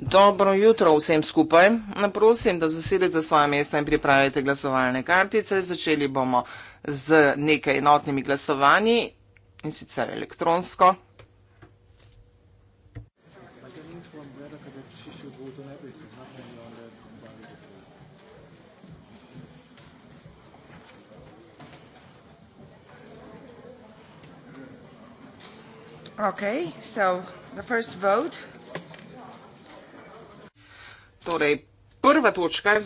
Dobro jutro vsem skupaj. Naprosim, da zasedete svoje mesta in pripravite glasovalne kartice. Začeli bomo z nekaj enotnimi glasovanji in sicer elektronsko. Okej, so the first vote. Torej, prva točka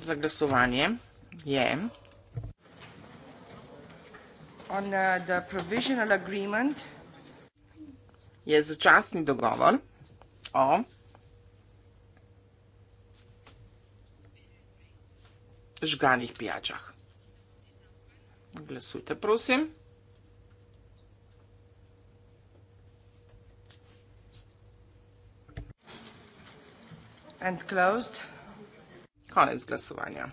za glasovanje je on uh, the provisional agreement je začasni dogovor o žganih pijačah. Glasujte, prosim. Glasujte, prosim. and closed. Konec glasovanja.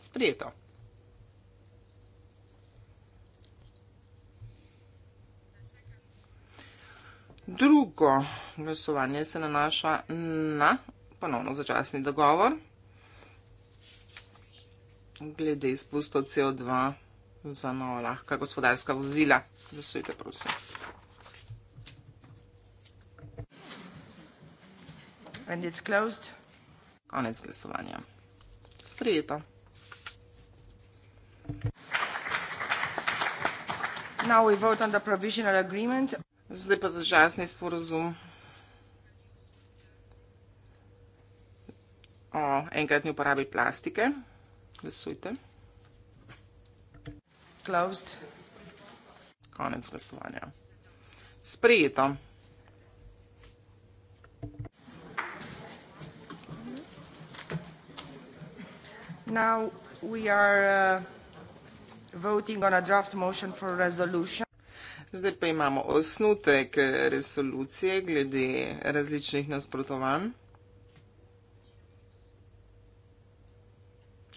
Sprijeto. Drugo glasovanje se nanaša na ponovno začasni dogovor glede izpustov CO2 za nova lahka gospodarska vozila. Glasujte, prosim. And it's closed. Konec glasovanja. Sprejeto. Now we vote on the provisional agreement. Zdaj pa zažasni sporozum. O enkratni uporabi plastike. Glasujte. Closed. Konec glasovanja. Sprejeto. Now we are uh, voting on a draft motion for resolution. Zdaj pa imamo osnutek resolucije glede različnih nasprotovanj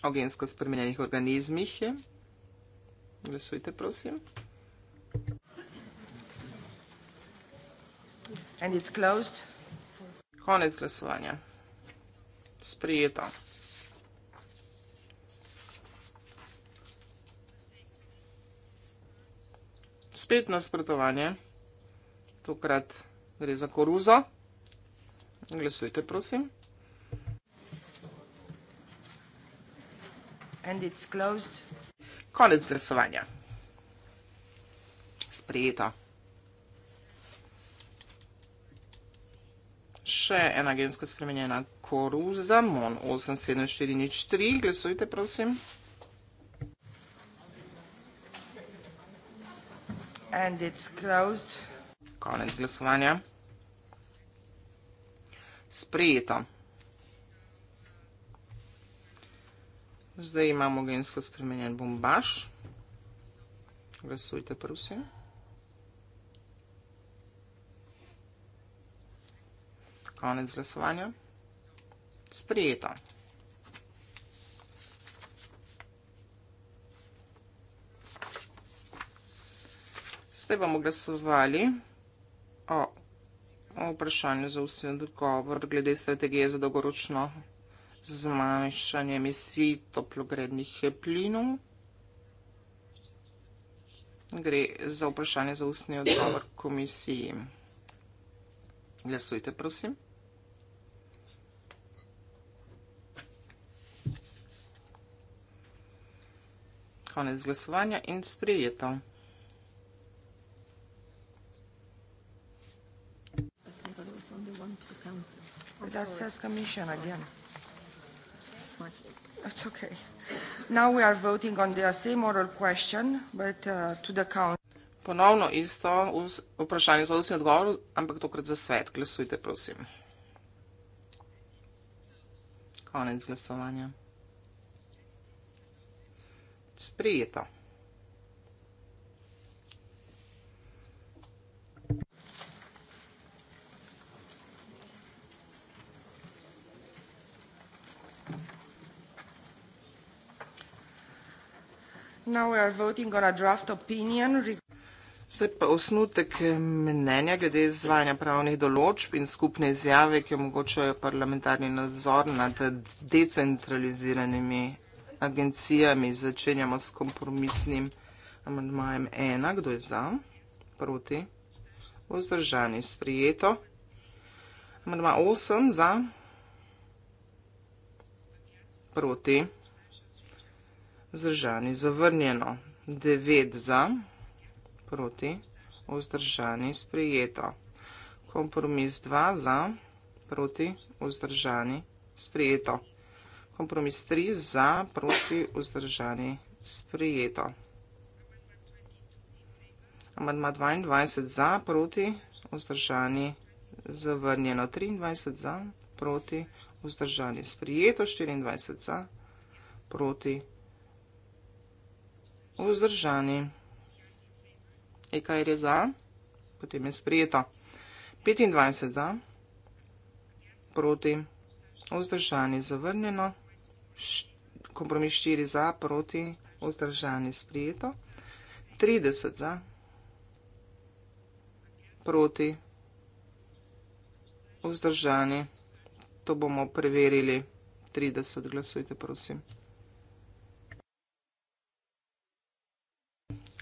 o gensko spremenjenih organizmih. Glasujte, prosim. And it's closed. Konec glasovanja. Sprijeto. spet nasprotovanje, tokrat gre za koruzo. Glasujte, prosim. Konec glasovanja. Sprejeto. Še ena genska spremenjena koruza, MON 87403. Glasujte, prosim. and it's closed. Konec glasovanja. Sprejeto. Zdaj imamo gensko spremenjen bombaž. Glasujte, prosim. Konec glasovanja. Sprejeto. tukaj bomo glasovali o vprašanju za vse odgovor glede strategije za dolgoročno zmanjšanje emisij toplogrednih plinov. Gre za vprašanje za ustni odgovor komisiji. Glasujte, prosim. Konec glasovanja in sprijeto. to the council. I'm that sorry. says commission sorry. again. That's okay. Now we are voting on the same oral question, but uh, to the council. Ponovno isto vprašanje za vsi odgovor, ampak tokrat za svet. Glasujte, prosim. Konec glasovanja. Sprijeto. Zdaj pa osnutek mnenja glede izvajanja pravnih določb in skupne izjave, ki omogočajo parlamentarni nadzor nad decentraliziranimi agencijami. Začenjamo s kompromisnim amandmajem 1. Kdo je za? Proti? Vzdržani? Sprijeto. Amandma 8 za? Proti? vzdržani, zavrnjeno, 9 za, proti, vzdržani, sprejeto. Kompromis 2 za, proti, vzdržani, sprejeto. Kompromis 3 za, proti, vzdržani, sprejeto. Amadma 22 za, proti, vzdržani, zavrnjeno. 23 za, proti, vzdržani, sprejeto. 24 za, proti, vzdržani vzdržani. EKR je za, potem je sprejeta. 25 za, proti, vzdržani, zavrnjeno. Kompromis 4 za, proti, vzdržani, sprejeto. 30 za, proti, vzdržani. To bomo preverili. 30 glasujte, prosim.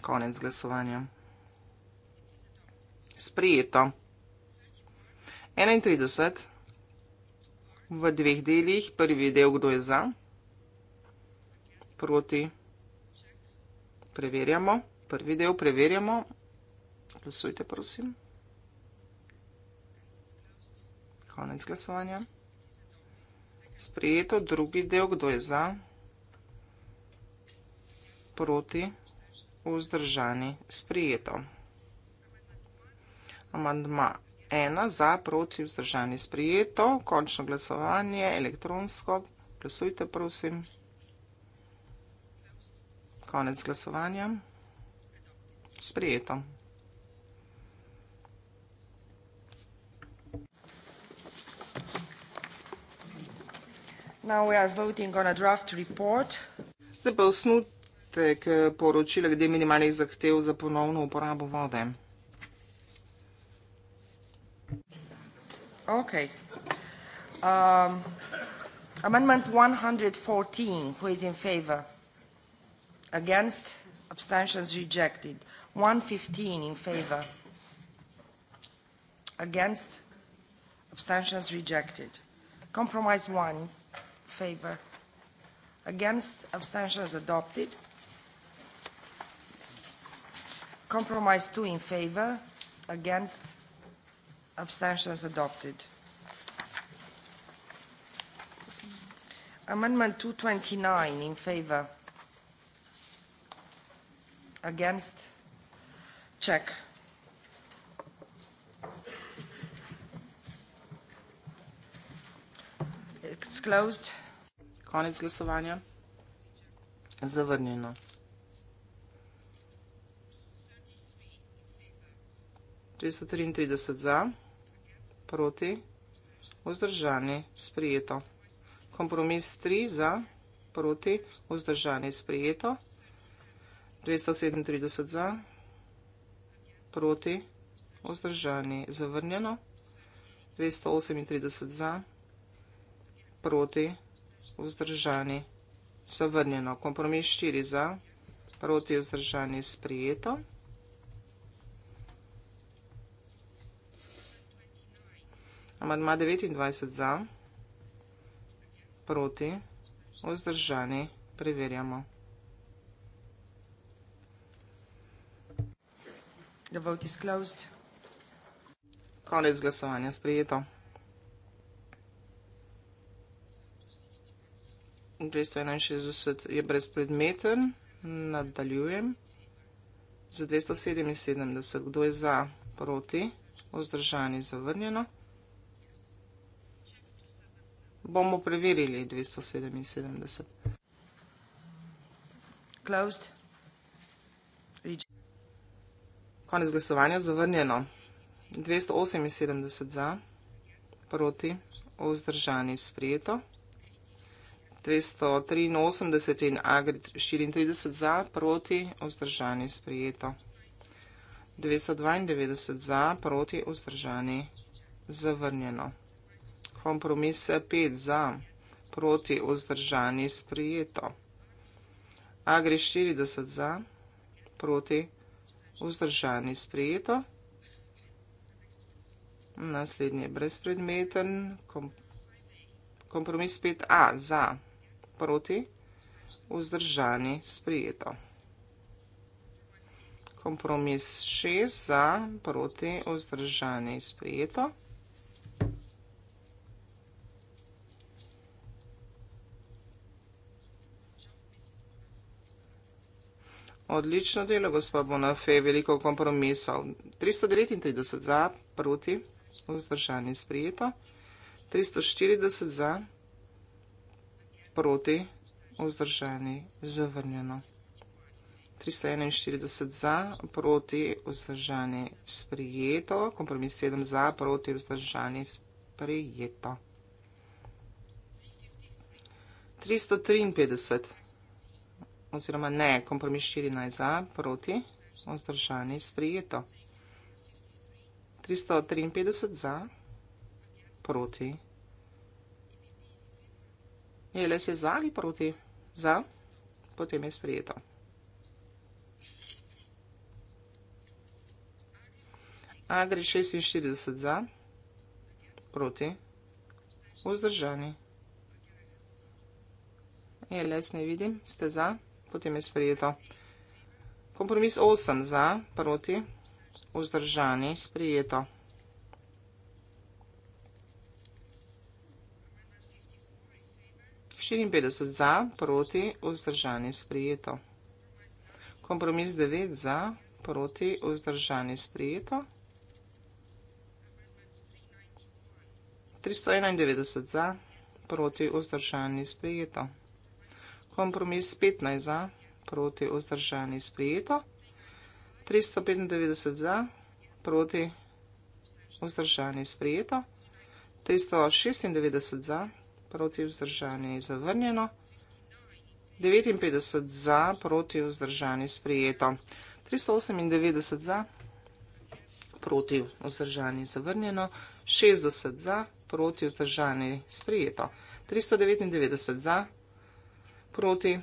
Konec glasovanja. Sprijeto. 31. V dveh delih. Prvi del, kdo je za. Proti. Preverjamo. Prvi del preverjamo. Glasujte, prosim. Konec glasovanja. Sprijeto. Drugi del, kdo je za. Proti vzdržani sprijeto. Amandma ena za proti vzdržani sprijeto. Končno glasovanje elektronsko. Glasujte, prosim. Konec glasovanja. Sprijeto. Zdaj pa osnut občutek poročila glede minimalnih zahtev za ponovno uporabo vode? Ok. Um, amendment 114, who is in favor? Against? Abstentions rejected. 115 in favor? Against? Abstentions rejected. Compromise 1 in favor? Against? Abstentions adopted? Compromise two in favor, against, abstentions adopted. Amendment 229 in favor, against, check. It's closed. Konec glasovanja. Zavrnjeno. 333 za, proti, vzdržani, sprijeto. Kompromis 3 za, proti, vzdržani, sprijeto. 237 za, proti, vzdržani, zavrnjeno. 238 za, proti, vzdržani, zavrnjeno. Kompromis 4 za, proti, vzdržani, sprijeto. Amadma 29 za, proti, vzdržani, preverjamo. The vote is closed. Konec glasovanja sprejeto. 261 je brezpredmeten, nadaljujem. Za 277, kdo je za, proti, vzdržani, zavrnjeno bomo preverili 277. Closed. Konec glasovanja zavrnjeno. 278 za, proti, vzdržani sprijeto. 283 in Agrid 34 za, proti, vzdržani sprijeto. 292 za, proti, vzdržani zavrnjeno kompromis 5 za, proti vzdržani sprijeto. Agri 40 za, proti vzdržani sprijeto. Naslednji je brezpredmeten, kompromis 5a za, proti vzdržani sprijeto. Kompromis 6 za, proti vzdržani sprijeto. Odlično delo, gospod Bonafé, veliko kompromisov. 339 za, proti, vzdržanje sprijeto. 340 za, proti, vzdržanje zavrnjeno. 341 za, proti, vzdržanje sprijeto. Kompromis 7 za, proti, vzdržanje sprijeto. 353 oziroma ne, kompromis 14 za, proti, ozdržani, sprijeto. 353 za, proti. Je le se za ali proti? Za, potem je sprijeto. Agri 46 za, proti, vzdržani. Je les, ne vidim, ste za potem je sprejeto. Kompromis 8 za, proti, vzdržani, sprejeto. Širim 50 za, proti, vzdržani, sprejeto. Kompromis 9 za, proti, vzdržani, sprejeto. 391 za, proti, vzdržani, sprejeto kompromis 15 za, proti vzdržani sprijeto, 395 za, proti vzdržani sprijeto, 396 za, proti vzdržani zavrnjeno, 59 za, proti vzdržani sprijeto, 398 za, proti vzdržani zavrnjeno, 60 za, proti vzdržani sprijeto, 399 za, proti vzdržani sprijeto, proti,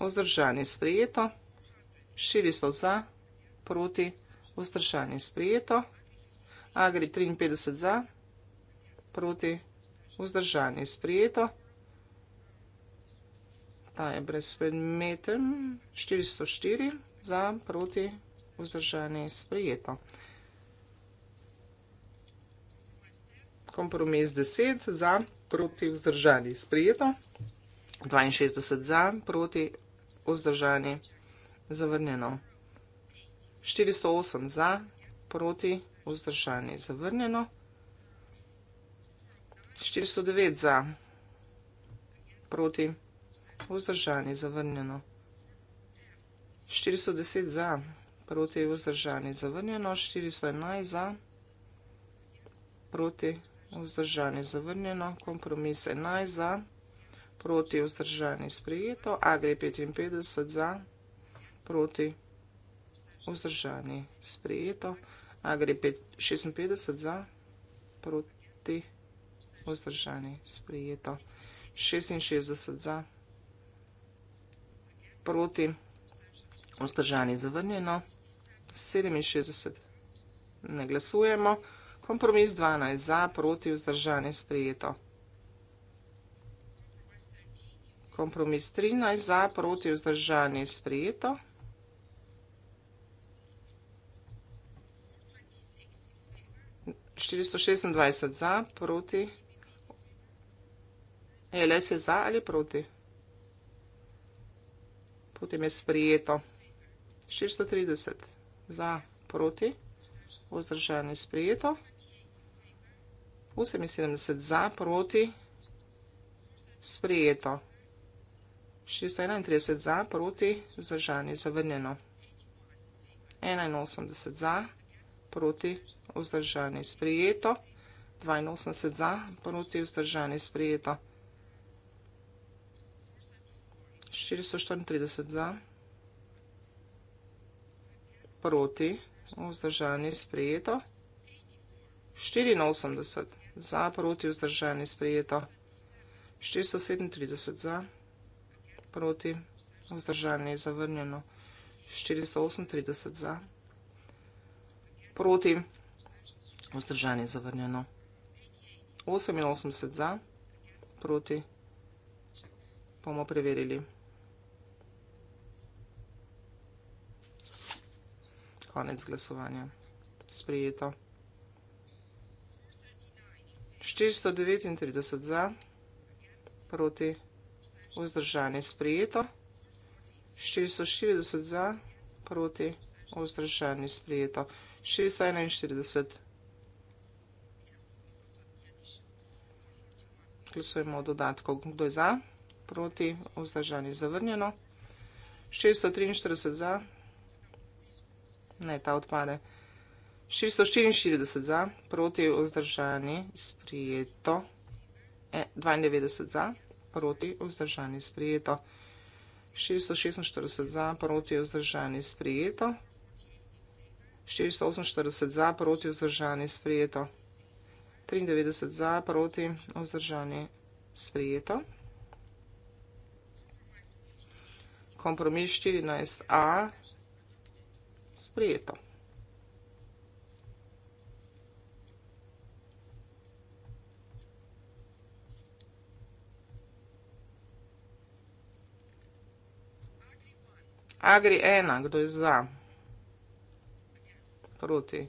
vzdržani sprejeto, 400 za, proti, vzdržani sprejeto, agri 53 za, proti, vzdržani sprejeto, ta je brez predmetem, 404 za, proti, vzdržani sprejeto. Kompromis 10 za proti vzdržanji sprejeto. 62 za, proti, vzdržani, zavrnjeno. 408 za, proti, vzdržani, zavrnjeno. 409 za, proti, vzdržani, zavrnjeno. 410 za, proti, vzdržani, zavrnjeno. 411 za, proti, vzdržani, zavrnjeno. Kompromis 11 za, proti, vzdržani, zavrnjeno proti vzdržani sprejeto, agri 55 za, proti vzdržani sprejeto, agri 56 za, proti vzdržani sprejeto, 66 za, proti vzdržani zavrnjeno, 67 ne glasujemo, kompromis 12 za, proti vzdržani sprejeto, kompromis 13 za, proti vzdržanje sprejeto. Štiristo za, proti. LS je za ali proti? Potem je sprejeto. 430 za, proti. Vzdržanje sprejeto. 78 za, proti. Sprejeto. 631 za, proti, vzdržan je zavrnjeno. 81 za, proti, vzdržan je sprijeto. 82 za, proti, vzdržan je sprijeto. 434 za, proti, vzdržan je sprijeto. 84 za, proti, vzdržan je sprijeto. 437 za, proti, vzdržan je sprijeto proti, vzdržanje je zavrnjeno, 438 za, proti, vzdržanje je zavrnjeno, 88 za, proti, bomo preverili. Konec glasovanja. Sprijeto. 439 za, proti, vzdržanje je zavrnjeno vzdržani sprijeto, 640 za, proti, vzdržani sprijeto, 641. Glesujemo dodatkov, kdo je za, proti, vzdržani zavrnjeno, 643 za, ne, ta odpade, 644 za, proti, vzdržani sprijeto, 92 e, za, proti vzdržani sprijeto. 646 za proti vzdržani sprijeto. 648 za proti vzdržani sprijeto. 93 za proti vzdržani sprijeto. Kompromis 14a sprijeto. Agri ena, kdo je za? Proti.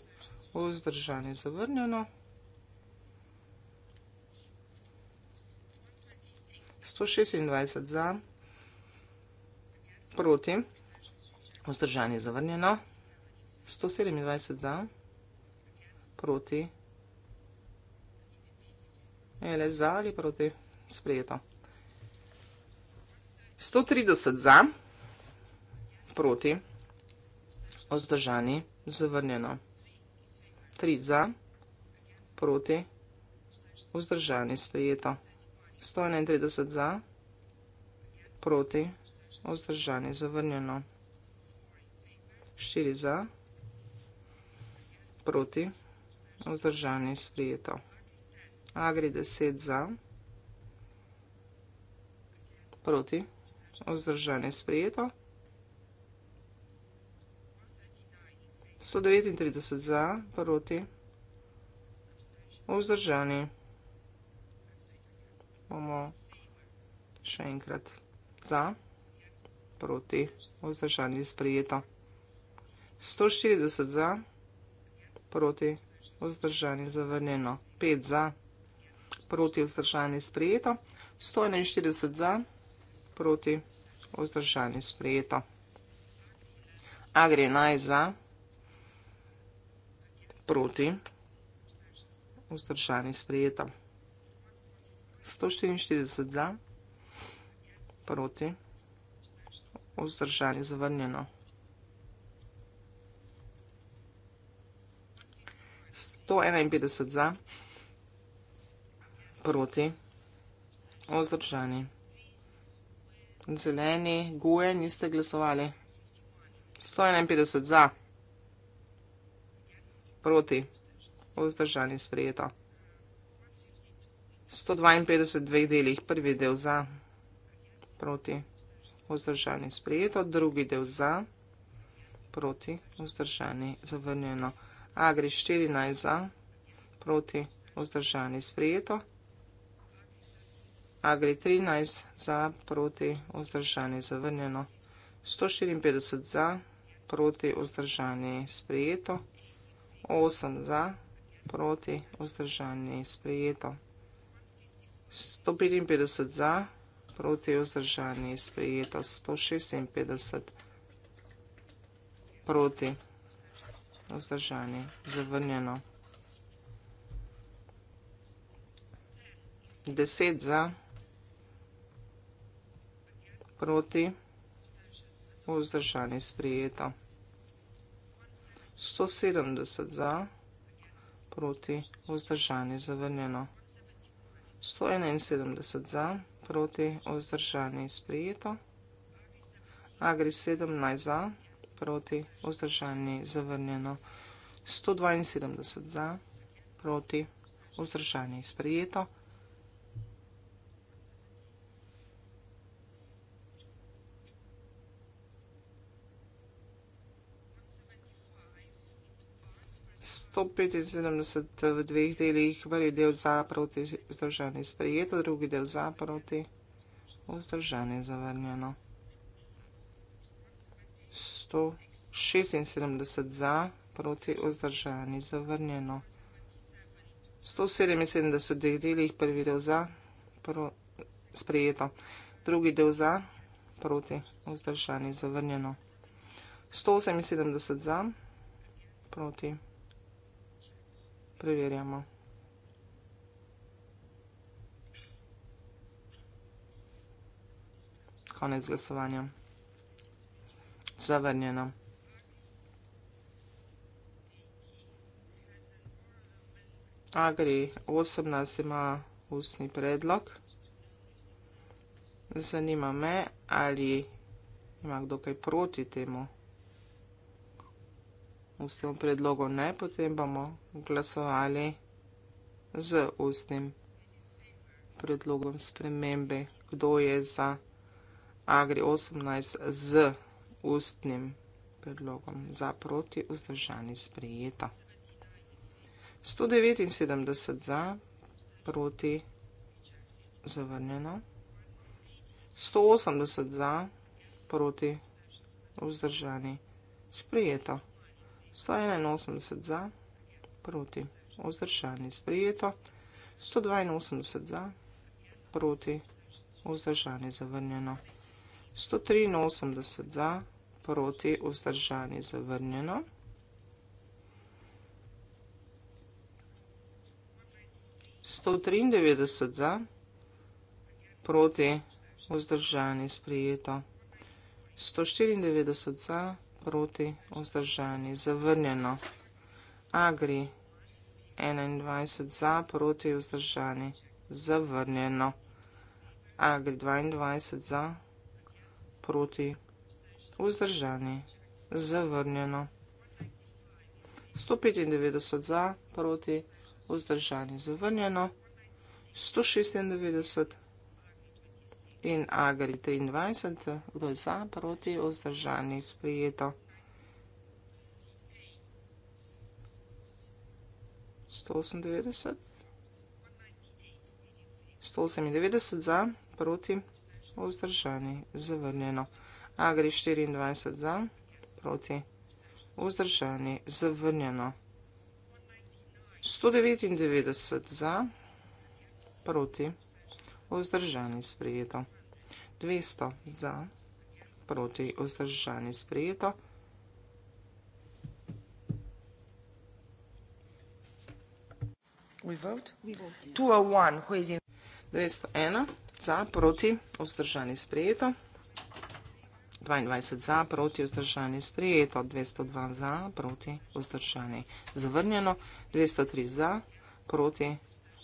Vzdržanje zavrnjeno. 126 za. Proti. Vzdržanje zavrnjeno. 127 za. Proti. Ele za ali proti. Sprejeto. 130 za. Proti proti, vzdržani, zavrnjeno. 3 za, proti, vzdržani, sprejeto. 131 za, proti, vzdržani, zavrnjeno. 4 za, proti, vzdržani, sprejeto. Agri 10 za, proti, vzdržani, sprejeto. Proti, vzdržani, sprejeto. 139 za, proti. Vzdržani. Bomo še enkrat za, proti. Vzdržani sprijeto. 140 za, proti. Vzdržani zavrnjeno. 5 za, proti. Vzdržani sprijeto. 141 za, proti. Vzdržani sprijeto. Agri naj za proti, vzdržani sprejeta. 144 za, proti, vzdržani zavrnjeno. 151 za, proti, vzdržani. Zeleni, guje, niste glasovali. 151 za, proti proti, vzdržani sprejeto. 152 dveh delih, prvi del za, proti, vzdržani sprejeto, drugi del za, proti, vzdržani zavrnjeno. Agri 14 za, proti, vzdržani sprejeto. Agri 13 za, proti, vzdržani zavrnjeno. 154 za, proti, vzdržani sprejeto. 8 za, proti, vzdržanje je sprejeto. 155 za, proti, vzdržanje je sprejeto. 156 proti, vzdržanje je zavrnjeno. 10 za, proti, vzdržanje je sprejeto. 170 za, proti vzdržani zavrnjeno. 171 za, proti vzdržani sprijeto. Agri 17 za, proti vzdržani zavrnjeno. 172 za, proti vzdržani sprijeto. 175 v dveh delih, prvi del za proti vzdržani sprejeto, drugi del za proti vzdržani zavrnjeno. 176 za proti vzdržani zavrnjeno. 177 v dveh delih, prvi del za pro, sprejeto, drugi del za proti vzdržani zavrnjeno. 178 za proti vzdržani zavrnjeno. Проверяємо. Конець з'ясування. Завернено. Agri, osebna zima ustni predlog. Zanima me, ali ima kdo kaj proti temu ustnem predlogu ne, potem bomo glasovali z ustnim predlogom spremembe, kdo je za Agri 18 z ustnim predlogom za proti vzdržani sprejeta. 179 za, proti zavrnjeno. 180 za, proti vzdržani sprejeta. 181 za, proti, vzdržani, sprijeto, 182 za, proti, vzdržani, zavrnjeno, 183 za, proti, vzdržani, zavrnjeno, 193 za, proti, vzdržani, sprijeto, 194 za, proti, vzdržani, zavrnjeno, proti vzdržani, zavrnjeno. Agri, 21 za, proti vzdržani, zavrnjeno. Agri, 22 za, proti vzdržani, zavrnjeno. 195 za, proti vzdržani, zavrnjeno. 196 za in Agri 23, kdo je za, proti, vzdržani, sprijeto. 198, 198 za, proti, vzdržani, zavrnjeno. Agri 24 za, proti, vzdržani, zavrnjeno. 199 za, proti, vzdržani, sprijeto. 200 za, proti vzdržani sprejeto. We vote? We vote. 201, who is in? 201 za, proti vzdržani sprejeto. 22 za, proti vzdržani sprejeto. 202 za, proti vzdržani zavrnjeno. 203 za, proti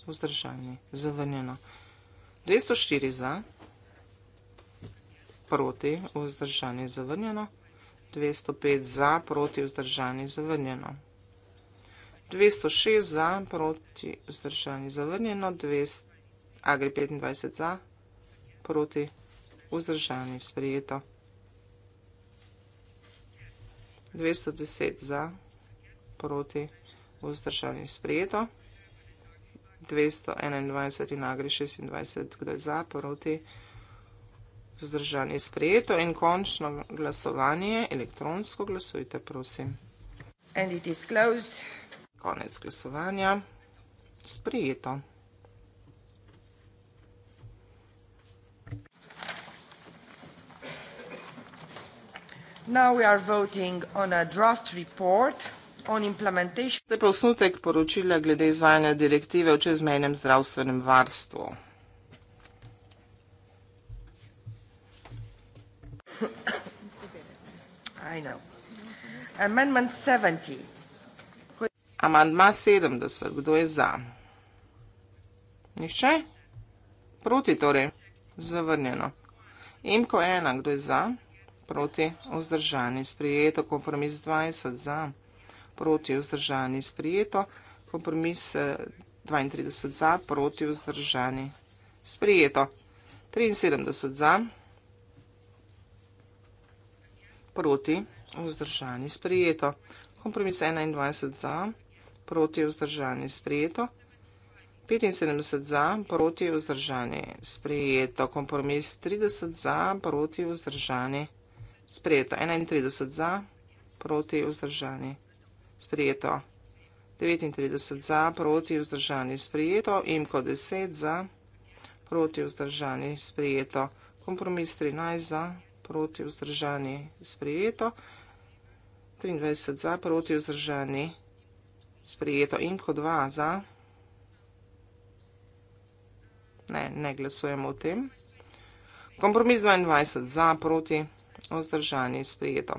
vzdržani zavrnjeno. 204 za, proti vzdržani zavrnjeno proti, vzdržani, zavrnjeno. 205 za, proti, vzdržani, zavrnjeno. 206 za, proti, vzdržani, zavrnjeno. 200, agri 25 za, proti, vzdržani, sprijeto. 210 za, proti, vzdržani, sprijeto. 221 in agri 26, kdo je za, proti, vzdržani, sprijeto. Zdržanje je sprejeto in končno glasovanje, elektronsko glasujte, prosim. And it is closed. Konec glasovanja, sprejeto. Now we are voting on a draft report. Zdaj pa osnutek poročila glede izvajanja direktive o čezmejnem zdravstvenem varstvu. I know. Amendment 70. Amandma 70. Kdo je za? Nihče? Proti torej. Zavrnjeno. Imko 1. Kdo je za? Proti. Vzdržani. Sprijeto. Kompromis 20. Za. Proti. Vzdržani. Sprijeto. Kompromis 32. Eh, za. Proti. Vzdržani. Sprijeto. 73 za, proti, vzdržani sprejeto. Kompromis 21 za, proti vzdržani sprejeto. 75 za, proti vzdržani sprejeto. Kompromis 30 za, proti vzdržani sprejeto. 31 za, proti vzdržani sprejeto. 39 za, proti vzdržani sprejeto. Imko 10 za, proti vzdržani sprejeto. Kompromis 13 za, proti vzdržani sprejeto proti vzdržani sprejeto, 23 za proti vzdržani sprejeto in ko 2 za. Ne, ne glasujemo o tem. Kompromis 22 za proti vzdržani sprejeto.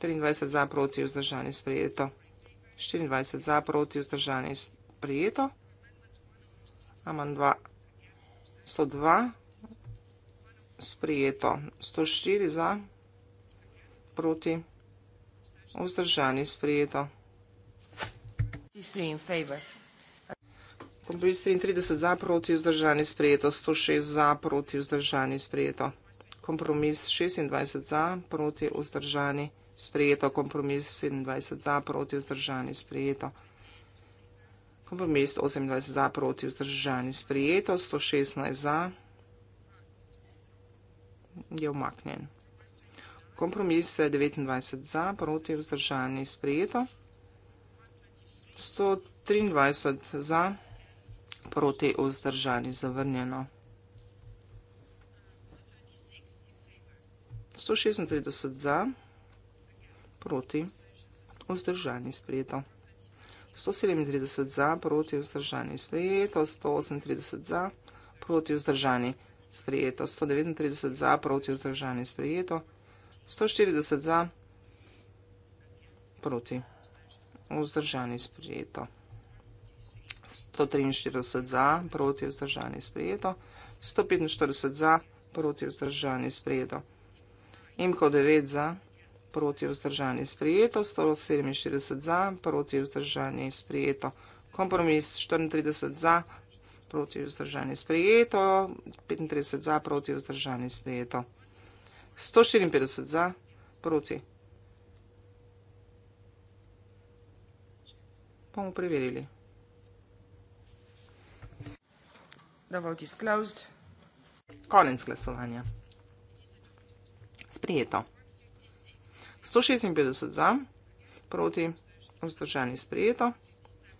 23 za proti vzdržani sprejeto. 24 za proti vzdržani sprejeto. Amandva 102 sprijeto. 104 za, proti, vzdržani sprijeto. 33 in favor. Kompromis 33 za, proti, vzdržani sprijeto. 106 za, proti, vzdržani sprijeto. Kompromis 26 za, proti, vzdržani sprijeto. Kompromis 27 za, proti, vzdržani sprijeto. Kompromis 28 za, proti, vzdržani sprijeto. 116 za, proti, vzdržani sprijeto je omaknjen. Kompromis je 29 za, proti vzdržani sprejeto. 123 za, proti vzdržani zavrnjeno. 136 za, proti vzdržani sprejeto. 137 za, proti vzdržani sprejeto. 138 za, proti vzdržani sprejeto sprejeto, 139 za, proti vzdržani sprejeto, 140 za, proti vzdržani sprejeto, 143 za, proti vzdržani sprejeto, 145 za, proti vzdržani sprejeto, imko 9 za, proti vzdržani sprejeto, 147 za, proti vzdržani sprejeto, kompromis 34 za, proti vzdržani sprejeto, 35 za proti vzdržani sprejeto, 154 za proti. Bomo preverili. The vote is closed. Konec glasovanja. Sprejeto. 156 za, proti vzdržani sprejeto,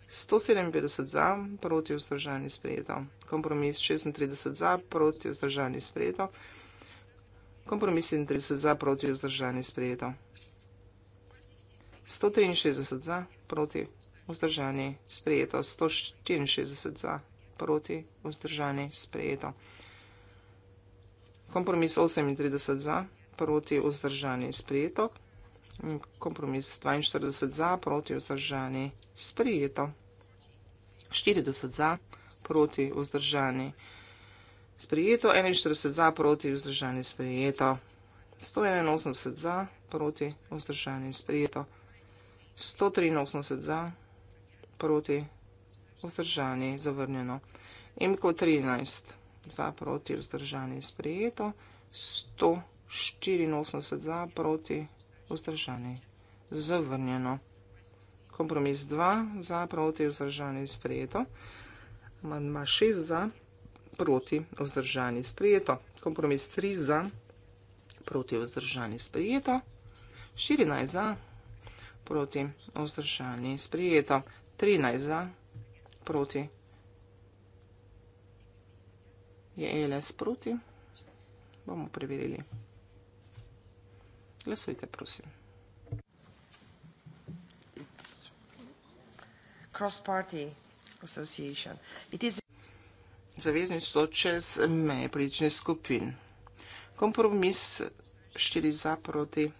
157 za, proti vzdržani sprejeto. Kompromis 36 za, proti vzdržani sprejeto. Kompromis 37 za, proti vzdržani sprejeto. 163 za, proti vzdržani sprejeto. 164 za, proti vzdržani sprejeto. Kompromis 38 za, proti vzdržani sprejeto. Kompromis 42 za, proti vzdržani sprejeto. 40 za, proti vzdržani sprejeto. 41 za, proti vzdržani sprejeto. 181 za, proti vzdržani sprejeto. 183 za, proti vzdržani zavrnjeno. Imko 13, 2 proti vzdržani sprejeto. 184 za, proti vzdržani sprejeto vzdržani. Zavrnjeno. Kompromis 2 za, proti vzdržani sprejeto. Amandma 6 za, proti vzdržani sprejeto. Kompromis 3 za, proti vzdržani sprejeto. 14 za, proti vzdržani sprejeto. 13 za, proti. Je LS proti? Bomo preverili. Glasujte, prosim. Zavezništvo čez meje politične skupin. Kompromis štiri za proti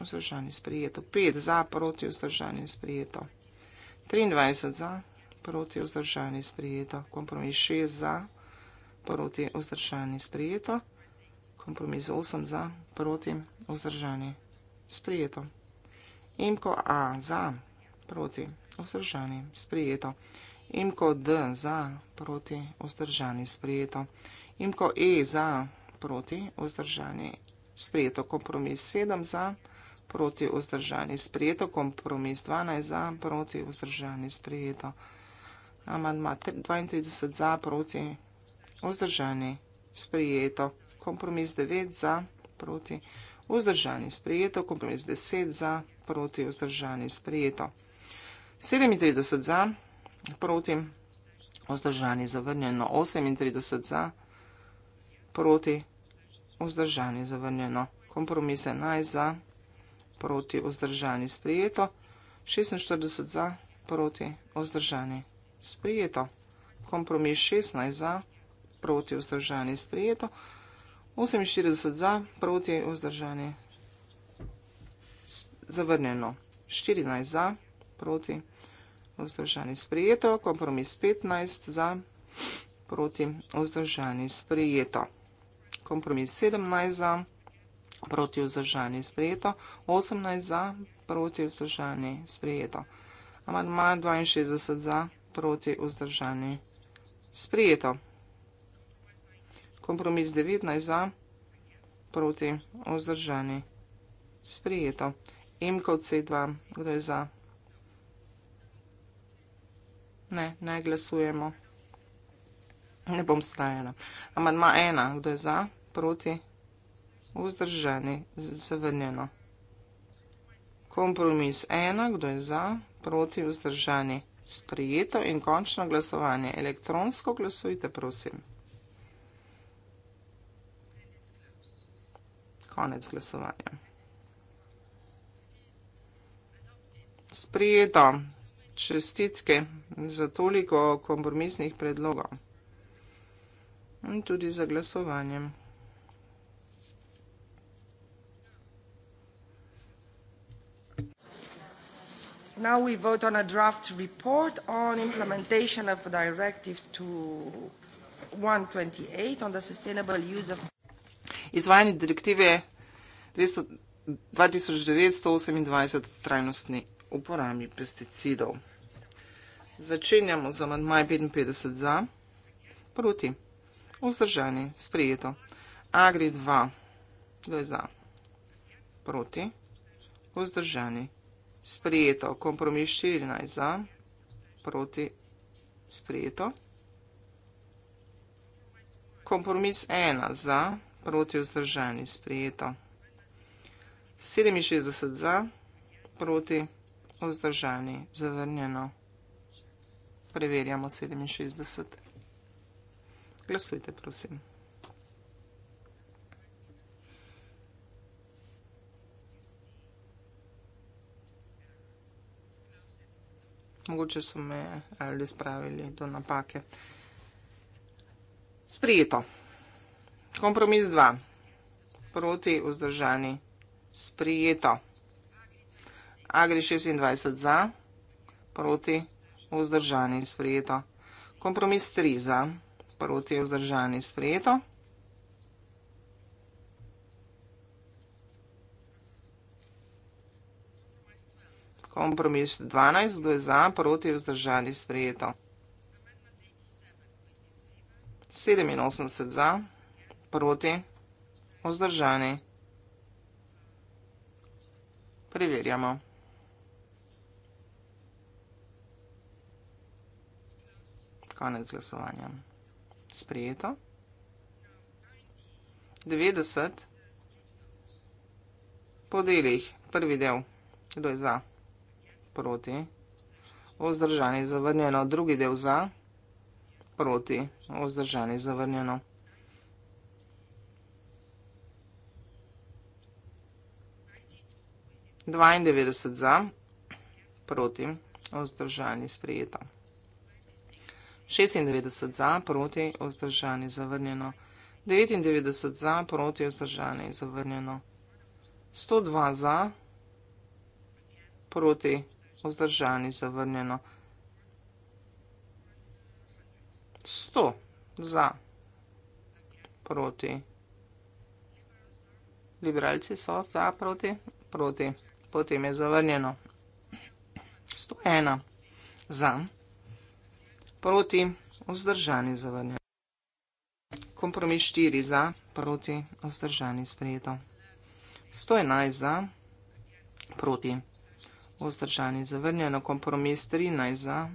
vzdržani sprijeto. Pet za proti vzdržani sprijeto. 23 za proti vzdržani sprijeto. Kompromis šest za proti vzdržani sprijeto kompromis 8 za, proti, vzdržani, sprijeto. Imko A za, proti, vzdržani, sprijeto. Imko D za, proti, vzdržani, sprijeto. Imko E za, proti, vzdržani, sprijeto. Kompromis 7 za, proti, vzdržani, sprijeto. Kompromis 12 za, proti, vzdržani, sprijeto. Amandma 32 za, proti, vzdržani, sprijeto kompromis 9 za, proti, vzdržani sprejeto, kompromis 10 za, proti, vzdržani sprejeto. 37 za, proti, vzdržani zavrnjeno, 38 za, proti, vzdržani zavrnjeno, kompromis 11 za, proti, vzdržani sprejeto, 46 za, proti, vzdržani sprejeto, kompromis 16 za, proti, vzdržani sprejeto, 48 za, proti, vzdržani, zavrnjeno, 14 za, proti, vzdržani, sprijeto, kompromis 15 za, proti, vzdržani, sprijeto, kompromis 17 za, proti, vzdržani, sprijeto, 18 za, proti, vzdržani, sprijeto, amadma 62 za, proti, vzdržani, sprijeto kompromis 19 za, proti vzdržani. Sprijeto. M kot C2, kdo je za? Ne, ne glasujemo. Ne bom strajala. Amadma 1, kdo je za, proti vzdržani, zavrnjeno. Kompromis 1, kdo je za, proti vzdržani. Sprijeto in končno glasovanje. Elektronsko glasujte, prosim. konec glasovanja. Sprijeto čestitke za toliko kompromisnih predlogov in tudi za glasovanje. Now we vote on a draft report on implementation of Directive 2128 on the sustainable use of izvajanje direktive 2928 o trajnostni uporabi pesticidov. Začenjamo z amandmaj 55 za, proti, vzdržani, sprijeto. Agri 2, kdo je za, proti, vzdržani, sprijeto. Kompromis 14 za, proti, sprijeto. Kompromis 1 za, proti vzdržani, sprijeto. 67 za, proti vzdržani, zavrnjeno. Preverjamo 67. Glasujte, prosim. Mogoče so me eh, ali spravili do napake. Sprijeto. Kompromis 2. Proti vzdržani sprijeto. Agri 26 za. Proti vzdržani sprijeto. Kompromis 3 za. Proti vzdržani sprijeto. Kompromis 12, kdo je za, proti vzdržani sprijeto. 87 za proti, vzdržani. Preverjamo. Konec glasovanja. Sprejeto. 90. Po delih. Prvi del. Kdo je za? Proti. Vzdržani zavrnjeno. Drugi del za? Proti. Vzdržani zavrnjeno. 92 za, proti, vzdržani sprejeta. 96 za, proti, vzdržani zavrnjeno. 99 za, proti, vzdržani zavrnjeno. 102 za, proti, vzdržani zavrnjeno. 100 za, proti. Liberalci so za, proti, proti potem je zavrnjeno. 101 za, proti, vzdržani zavrnjen. Kompromis 4 za, proti, vzdržani sprejeto. 111 za, proti, vzdržani zavrnjeno. Kompromis 13 za,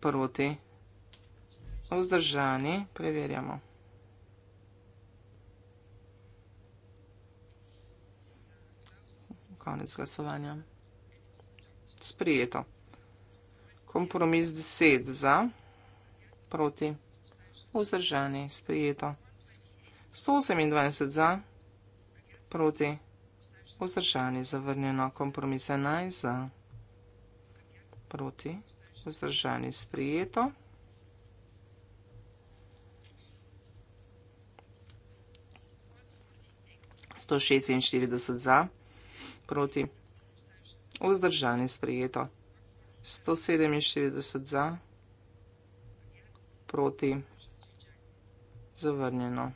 proti, vzdržani, preverjamo. Konec glasovanja. Sprijeto. Kompromis 10 za, proti, vzdržani, sprijeto. 128 za, proti, vzdržani, zavrnjeno. Kompromis 11 za, proti, vzdržani, sprijeto. Sto šestinštirideset za, proti. Vzdržanje sprijeto. 147 za, proti, zavrnjeno.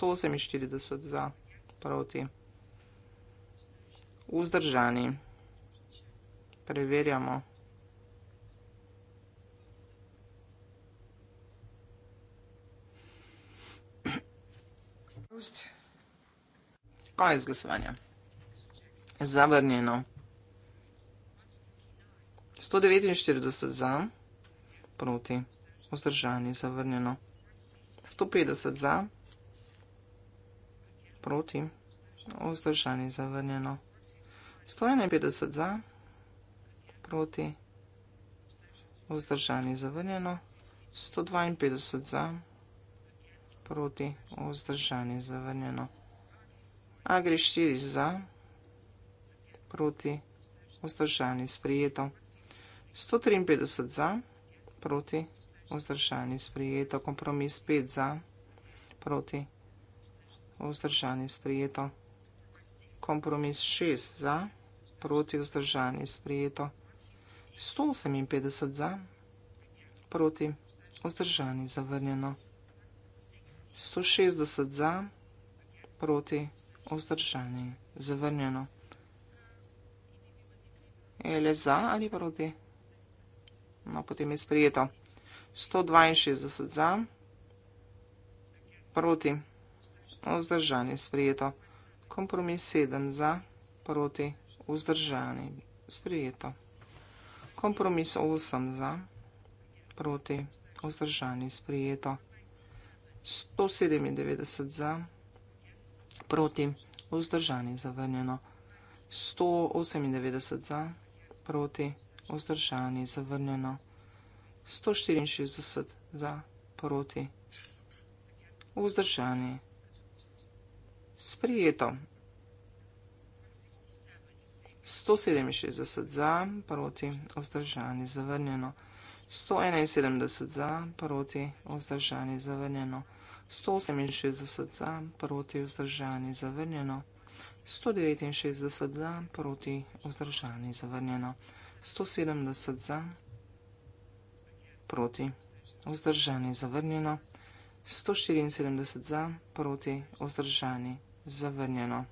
148 za, proti, vzdržani. Preverjamo. Vzdržanje. Konec glasovanja. Zavrnjeno. 149 za, proti, vzdržani, zavrnjeno. 150 za, proti, vzdržani, zavrnjeno. 151 za, proti, vzdržani, zavrnjeno. 152 za, proti, vzdržani, zavrnjeno. A greš štiri za, proti, vzdržani, sprijeto. 153 za, proti, vzdržani, sprijeto. Kompromis 5 za, proti, vzdržani, sprijeto. Kompromis 6 za, proti, vzdržani, sprijeto. 158 za, proti, vzdržani, zavrnjeno. 160 za, proti, vzdržani, sprijeto vzdržani, zavrnjeno. Je le za ali proti? No, potem je sprijeto. 162 za, proti, vzdržani, sprijeto. Kompromis 7 za, proti, vzdržani, sprijeto. Kompromis 8 za, proti, vzdržani, sprijeto. 197 za, proti proti, vzdržani zavrnjeno. 198 za, proti, vzdržani zavrnjeno. 164 za, proti, vzdržani. Sprijeto. 167 za, proti, vzdržani zavrnjeno. 171 za, proti, vzdržani zavrnjeno. 168 za, proti vzdržani zavrnjeno. 169 za, proti vzdržani zavrnjeno. 170 za, proti vzdržani zavrnjeno. 174 za, proti vzdržani zavrnjeno.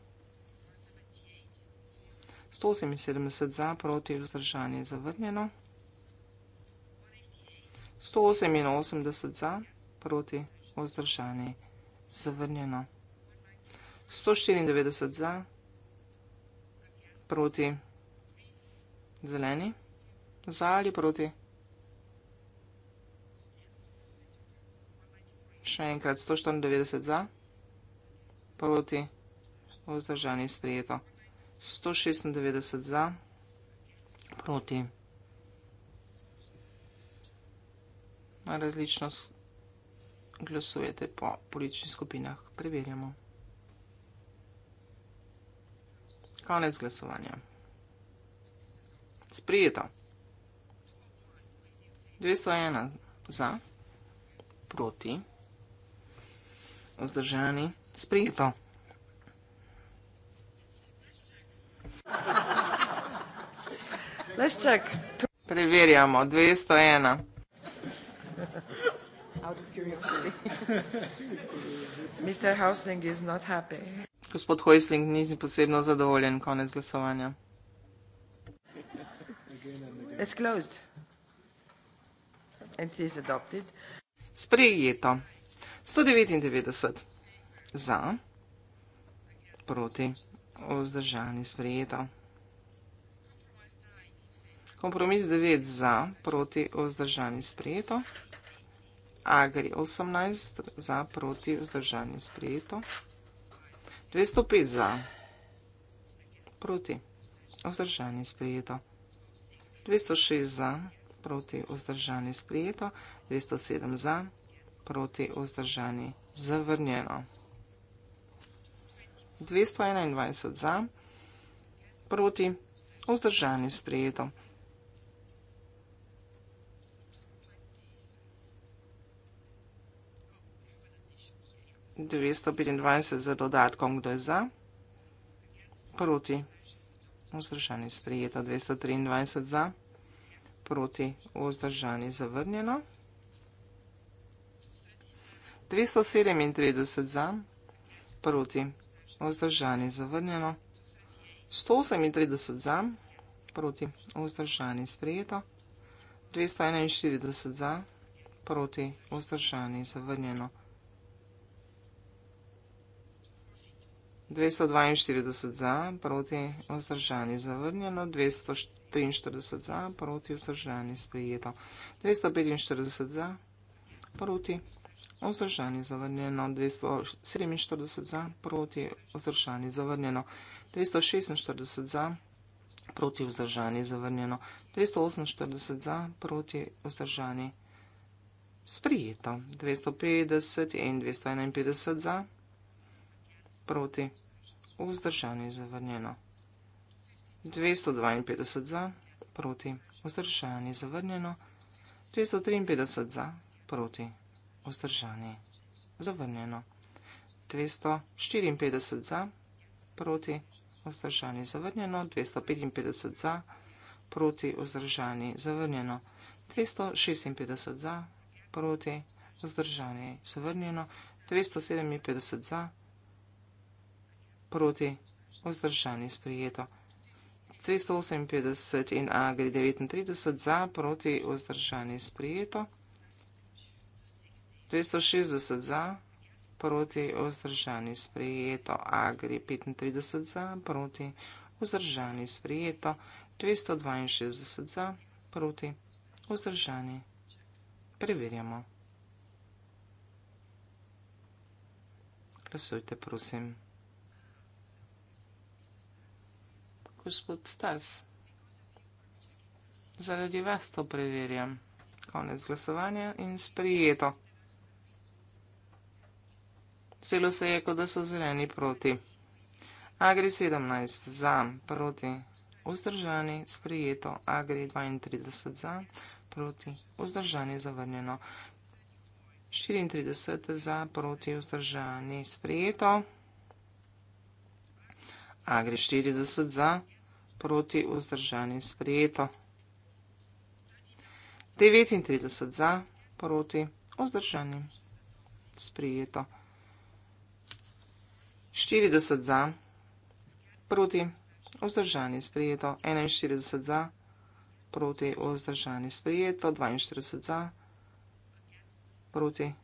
178 za, proti vzdržani zavrnjeno. 188 za, proti vzdržani zavrnjeno smo vzdržani, zavrnjeno. 194 za, proti, zeleni, za ali proti. Še enkrat 194 za, proti, vzdržani, sprejeto. 196 za, proti. Različno glasujete po političnih skupinah. Preverjamo. Konec glasovanja. Sprijeto. 201 za, proti, vzdržani, sprijeto. Leščak. Preverjamo, 201 out of curiosity. Mr. Hausling is not happy. Gospod Hoisling ni posebno zadovoljen, konec glasovanja. It's closed. And it is adopted. Sprejeto. 199 za, proti, vzdržani, sprejeto. Kompromis 9 za, proti, vzdržani, sprejeto. Agri 18 za proti vzdržanje sprejeto. 205 za proti vzdržanje sprejeto. 206 za proti vzdržanje sprejeto. 207 za proti vzdržanje zavrnjeno. 221 za proti vzdržanje sprejeto. 225 z dodatkom. Kdo je za? Proti? Vzdržani. Sprejeto. 223 za, proti, vzdržani. Zavrnjeno. 237 za, proti, vzdržani. Zavrnjeno. 138 za, proti, vzdržani. Sprejeto. 241 za, proti, vzdržani. Zavrnjeno. 242 za, proti vzdržani zavrnjeno, 243 za, proti vzdržani sprejeto, 245 za, proti vzdržani zavrnjeno, 247 za, proti vzdržani zavrnjeno, 246 za, proti vzdržani zavrnjeno, 248 za, proti vzdržani sprejeto, 250 in 251 za, proti, vzdržanje zavrnjeno. 252 za, proti, vzdržanje zavrnjeno. 253 za, proti, vzdržanje zavrnjeno. 254 za, proti, vzdržanje zavrnjeno. 255 za, proti, vzdržanje zavrnjeno. 256 za, proti, vzdržanje zavrnjeno. 257 za, proti, proti vzdržanje sprijeto. 358 in A gre 39 za proti vzdržanje sprijeto. 260 za proti vzdržanje sprijeto. A gre 35 za proti vzdržanje sprijeto. 262 za proti vzdržanje. Preverjamo. Glasujte, prosim. gospod Stas. Zaradi vas to preverjam. Konec glasovanja in sprijeto. Celo se je, kot da so zeleni proti. Agri 17 za, proti, vzdržani, sprijeto. Agri 32 za, proti, vzdržani, zavrnjeno. 34 za, proti, vzdržani, sprijeto. Agri 40 za, proti proti vzdržanje sprejeto. 39 za, proti vzdržanje sprejeto. 40 za, proti vzdržanje sprejeto. 41 za, proti vzdržanje sprejeto. 42 za, proti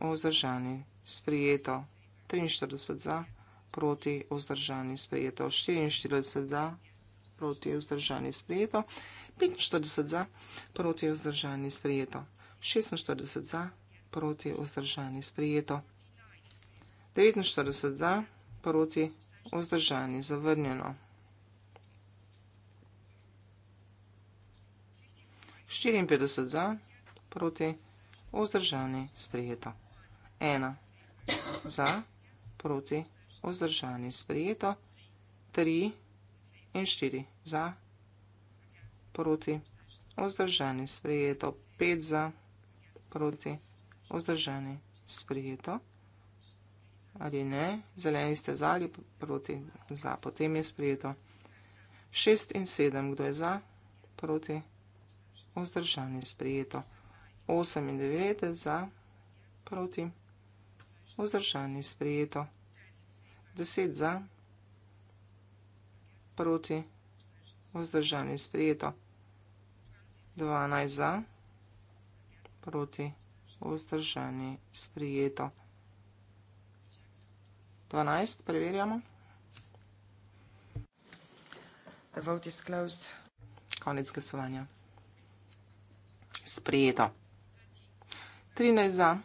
vzdržanje sprejeto. 43 za, proti vzdržanje sprejeto. 44 za, proti je vzdržani sprejeto, 45 za, proti je vzdržani sprejeto, 46 za, proti je vzdržani sprejeto, 49 za, proti je vzdržani zavrnjeno. 54 za, proti, vzdržani, sprijeto. 1 za, proti, vzdržani, sprijeto. 3 za in 4 za, proti, vzdržani, sprijeto, 5 za, proti, vzdržani, sprijeto, ali ne, zeleni ste za ali proti, za, potem je sprijeto, 6 in 7, kdo je za, proti, vzdržani, sprijeto, 8 in 9 je za, proti, vzdržani, sprijeto, 10 za, proti, proti, vzdržani, sprijeto. 12 za, proti, vzdržani, sprijeto. 12, preverjamo. The vote is closed. Konec glasovanja. Sprijeto. 13 za,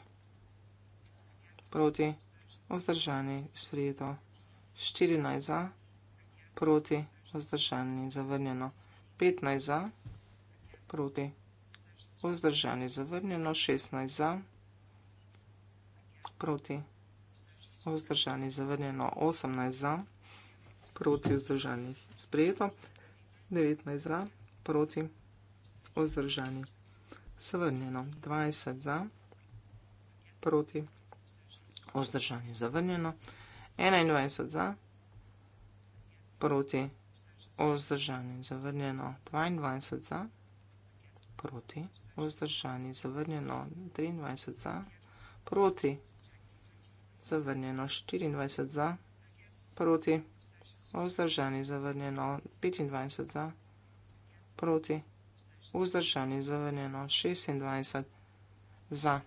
proti, vzdržani, sprijeto. 14 za, proti, vzdržani, zavrnjeno. 15 za, proti, vzdržani, zavrnjeno. 16 za, proti, vzdržani, zavrnjeno. 18 za, proti, vzdržani, sprejeto. 19 za, proti, vzdržani, zavrnjeno. 20 za, proti, vzdržani, zavrnjeno. 21 za, proti, vzdržani, zavrnjeno proti, vzdržani, zavrnjeno, 22 za, proti, vzdržani, zavrnjeno, 23 za, proti, zavrnjeno, 24 za, proti, vzdržani, zavrnjeno, 25 za, proti, vzdržani, zavrnjeno, 26 za,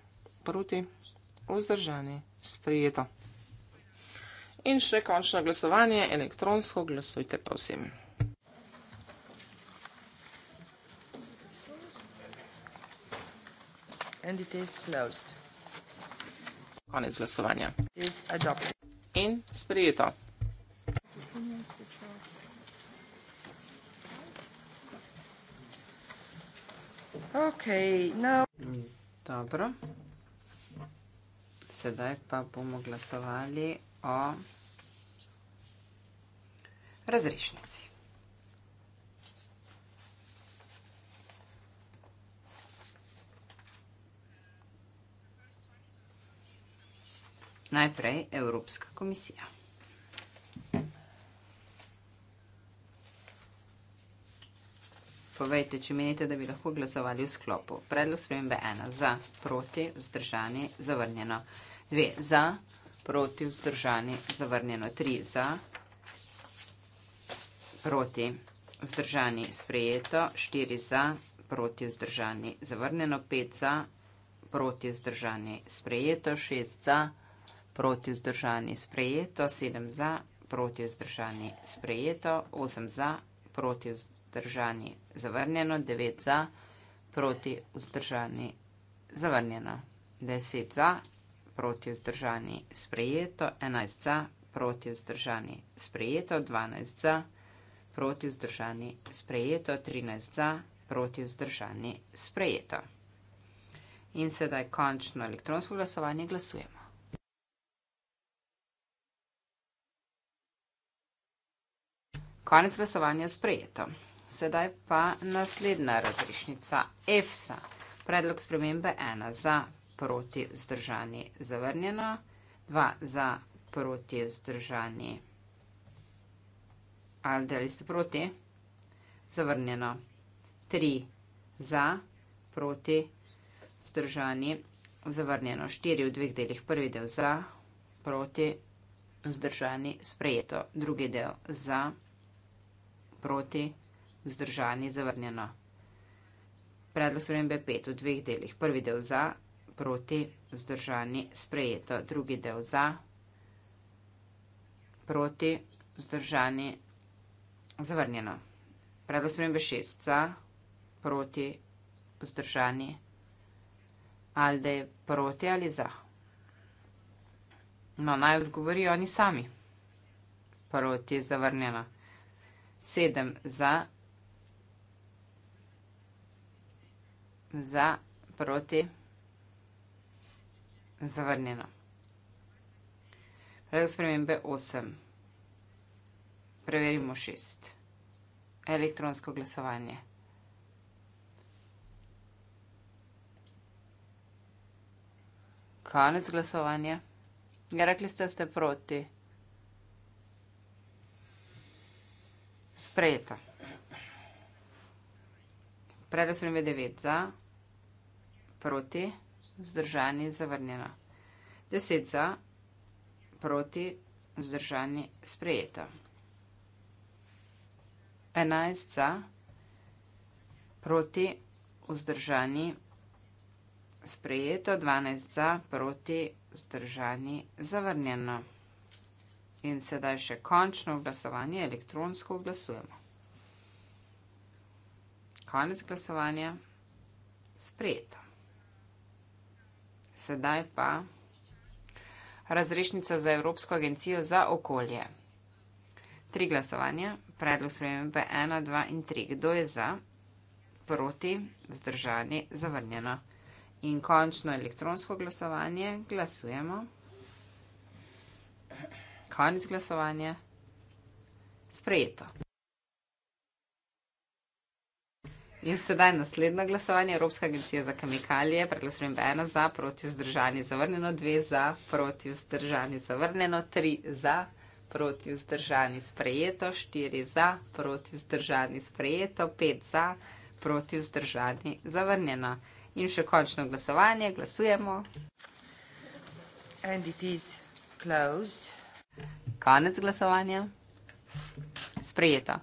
proti, vzdržani, sprijeto. In še končno glasovanje, elektronsko glasujte pa vsem. Konec glasovanja. In sprijeto. Dobro. Sedaj pa bomo glasovali o razrešnici. Najprej Evropska komisija. Povejte, če menite, da bi lahko glasovali v sklopu. Predlog spremembe 1. Za, proti, vzdržani, zavrnjeno. 2. Za, proti proti vzdržani, zavrnjeno 3 za, proti vzdržani sprejeto, 4 za, proti vzdržani zavrnjeno, 5 za, proti vzdržani sprejeto, 6 za, proti vzdržani sprejeto, 7 za, proti vzdržani sprejeto, 8 za, proti vzdržani zavrnjeno, 9 za, proti vzdržani zavrnjeno, 10 za, proti vzdržani sprejeto, 11 za proti vzdržani sprejeto, 12 za proti vzdržani sprejeto, 13 za proti vzdržani sprejeto. In sedaj končno elektronsko glasovanje glasujemo. Konec glasovanja sprejeto. Sedaj pa naslednja razrešnica EFSA. Predlog spremembe 1 za proti vzdržani zavrnjeno, 2 za proti vzdržani. Ali delali ste proti? Zavrnjeno. 3 za proti vzdržani zavrnjeno. 4 v dveh delih. Prvi del za proti vzdržani sprejeto. Drugi del za proti vzdržani zavrnjeno. Predlog sprejembe 5 v dveh delih. Prvi del za proti, vzdržani, sprejeto, drugi del za, proti, vzdržani, zavrnjeno. Predlog spremembe šest za, proti, vzdržani, alde je proti ali za. No, naj odgovorijo oni sami. Proti, zavrnjeno. Sedem za, za, proti, vzdržani. Zavrnjeno. Predlog spremembe 8. Preverimo 6. Elektronsko glasovanje. Konec glasovanja. Ja, rekli ste, ste proti. Sprejeta. Predlog spremembe 9 za. Proti vzdržani, zavrnjeno. 10 za, proti, vzdržani, sprejeto. 11 za, proti, vzdržani, sprejeto. 12 za, proti, vzdržani, zavrnjeno. In sedaj še končno glasovanje, elektronsko glasujemo. Konec glasovanja, sprejeto. Sedaj pa razrešnica za Evropsko agencijo za okolje. Tri glasovanja, predlog spremembe 1, 2 in 3. Kdo je za, proti, vzdržani, zavrnjeno. In končno elektronsko glasovanje, glasujemo. Konec glasovanja, sprejeto. In sedaj naslednje glasovanje Evropska agencija za kemikalije. Preglasujem ena za, proti vzdržani zavrnjeno, dve za, proti vzdržani zavrnjeno, tri za, proti vzdržani sprejeto, štiri za, proti vzdržani sprejeto, pet za, proti vzdržani zavrnjeno. In še končno glasovanje, glasujemo. Konec glasovanja. Sprejeto.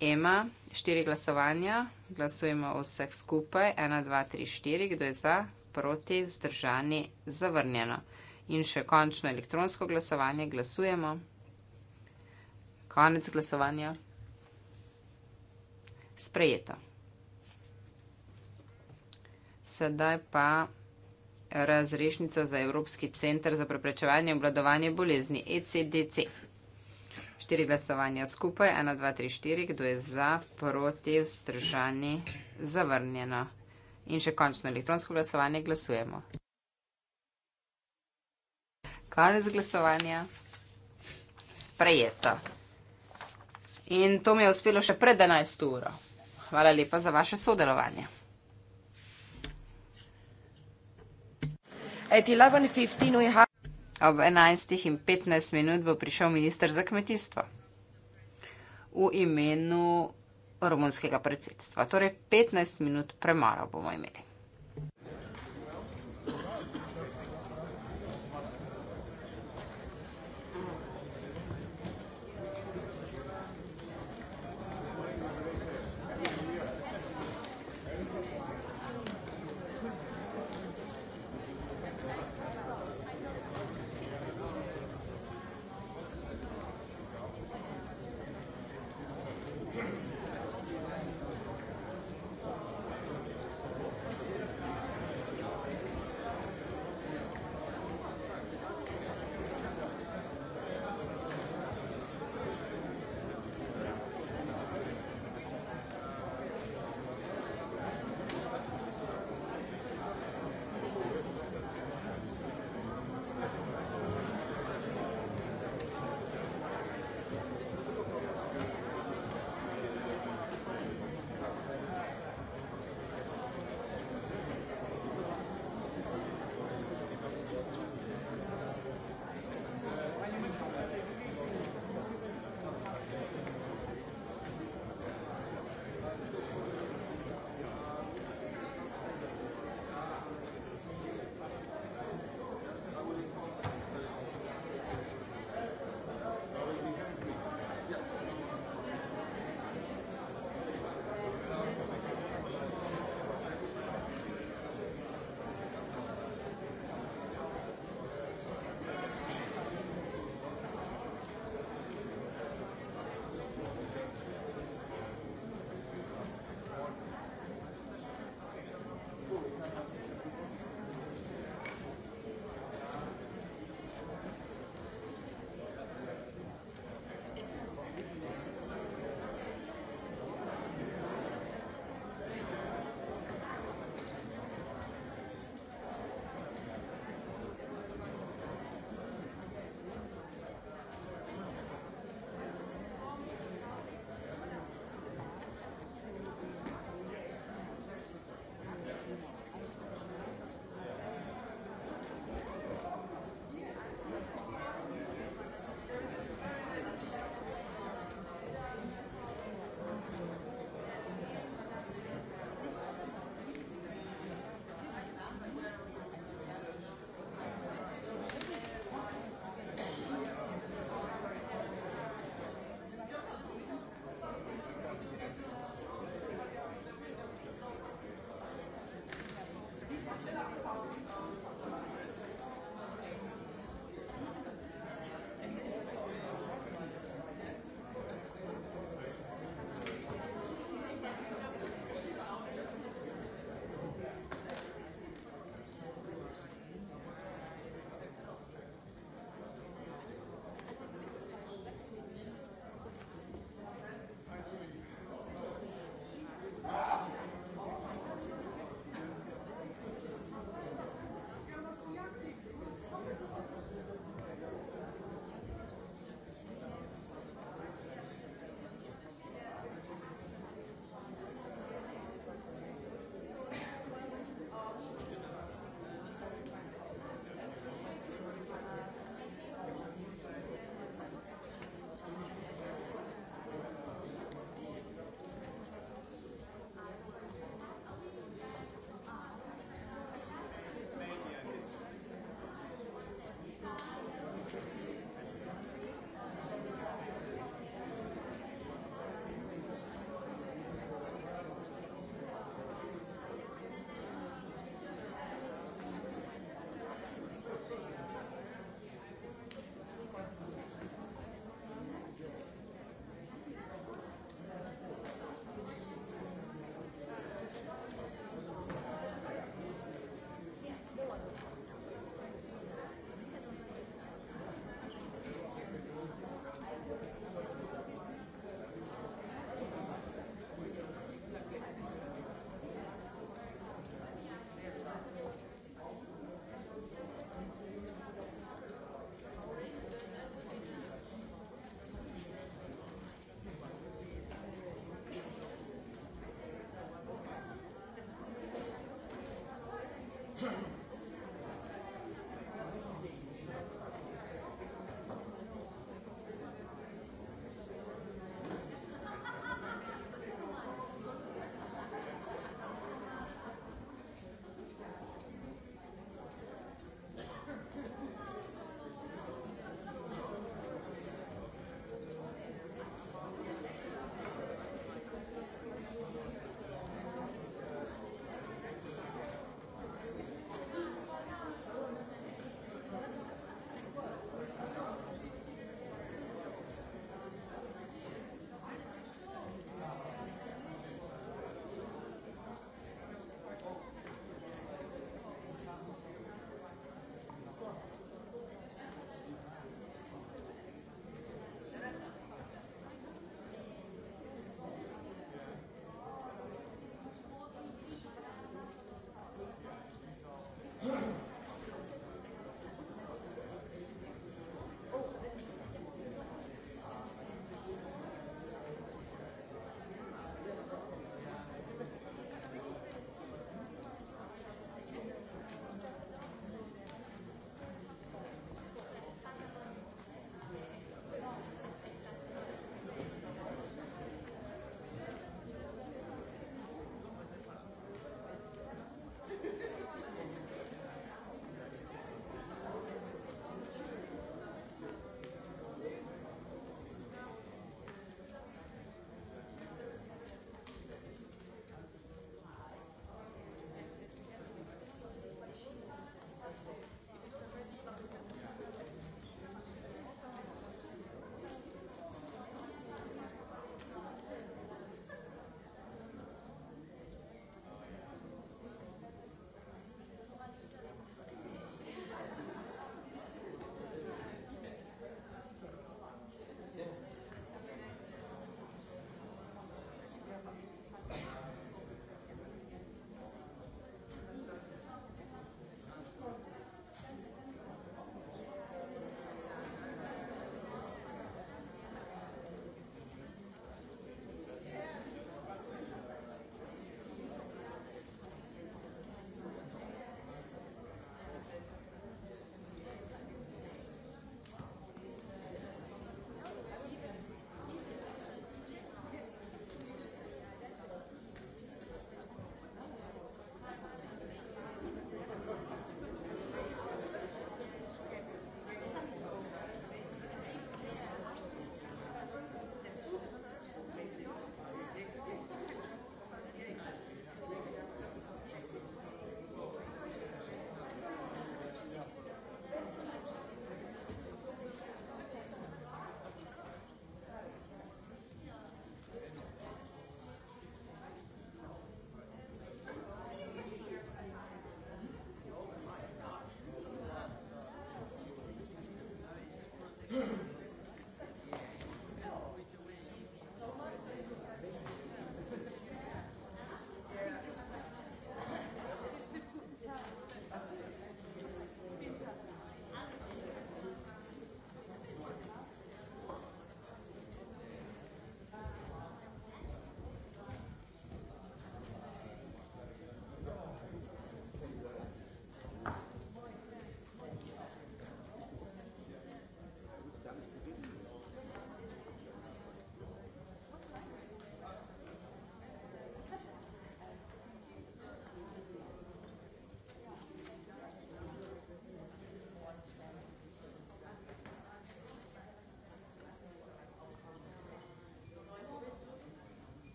Ema, štiri glasovanja, glasujemo vseh skupaj, ena, dva, tri, štiri, kdo je za, proti, vzdržani, zavrnjeno. In še končno elektronsko glasovanje, glasujemo. Konec glasovanja. Sprejeto. Sedaj pa razrešnica za Evropski center za preprečevanje in obladovanje bolezni ECDC. Štiri glasovanja skupaj, ena, dva, tri, štiri, kdo je za, proti, vzdržani, zavrnjeno. In še končno elektronsko glasovanje glasujemo. Konec glasovanja. Sprejeto. In to mi je uspelo še pred 11 uro. Hvala lepa za vaše sodelovanje. 1115 in 1. Ob 11. in 15 minut bo prišel minister za kmetijstvo v imenu romunskega predsedstva. Torej 15 minut premora bomo imeli.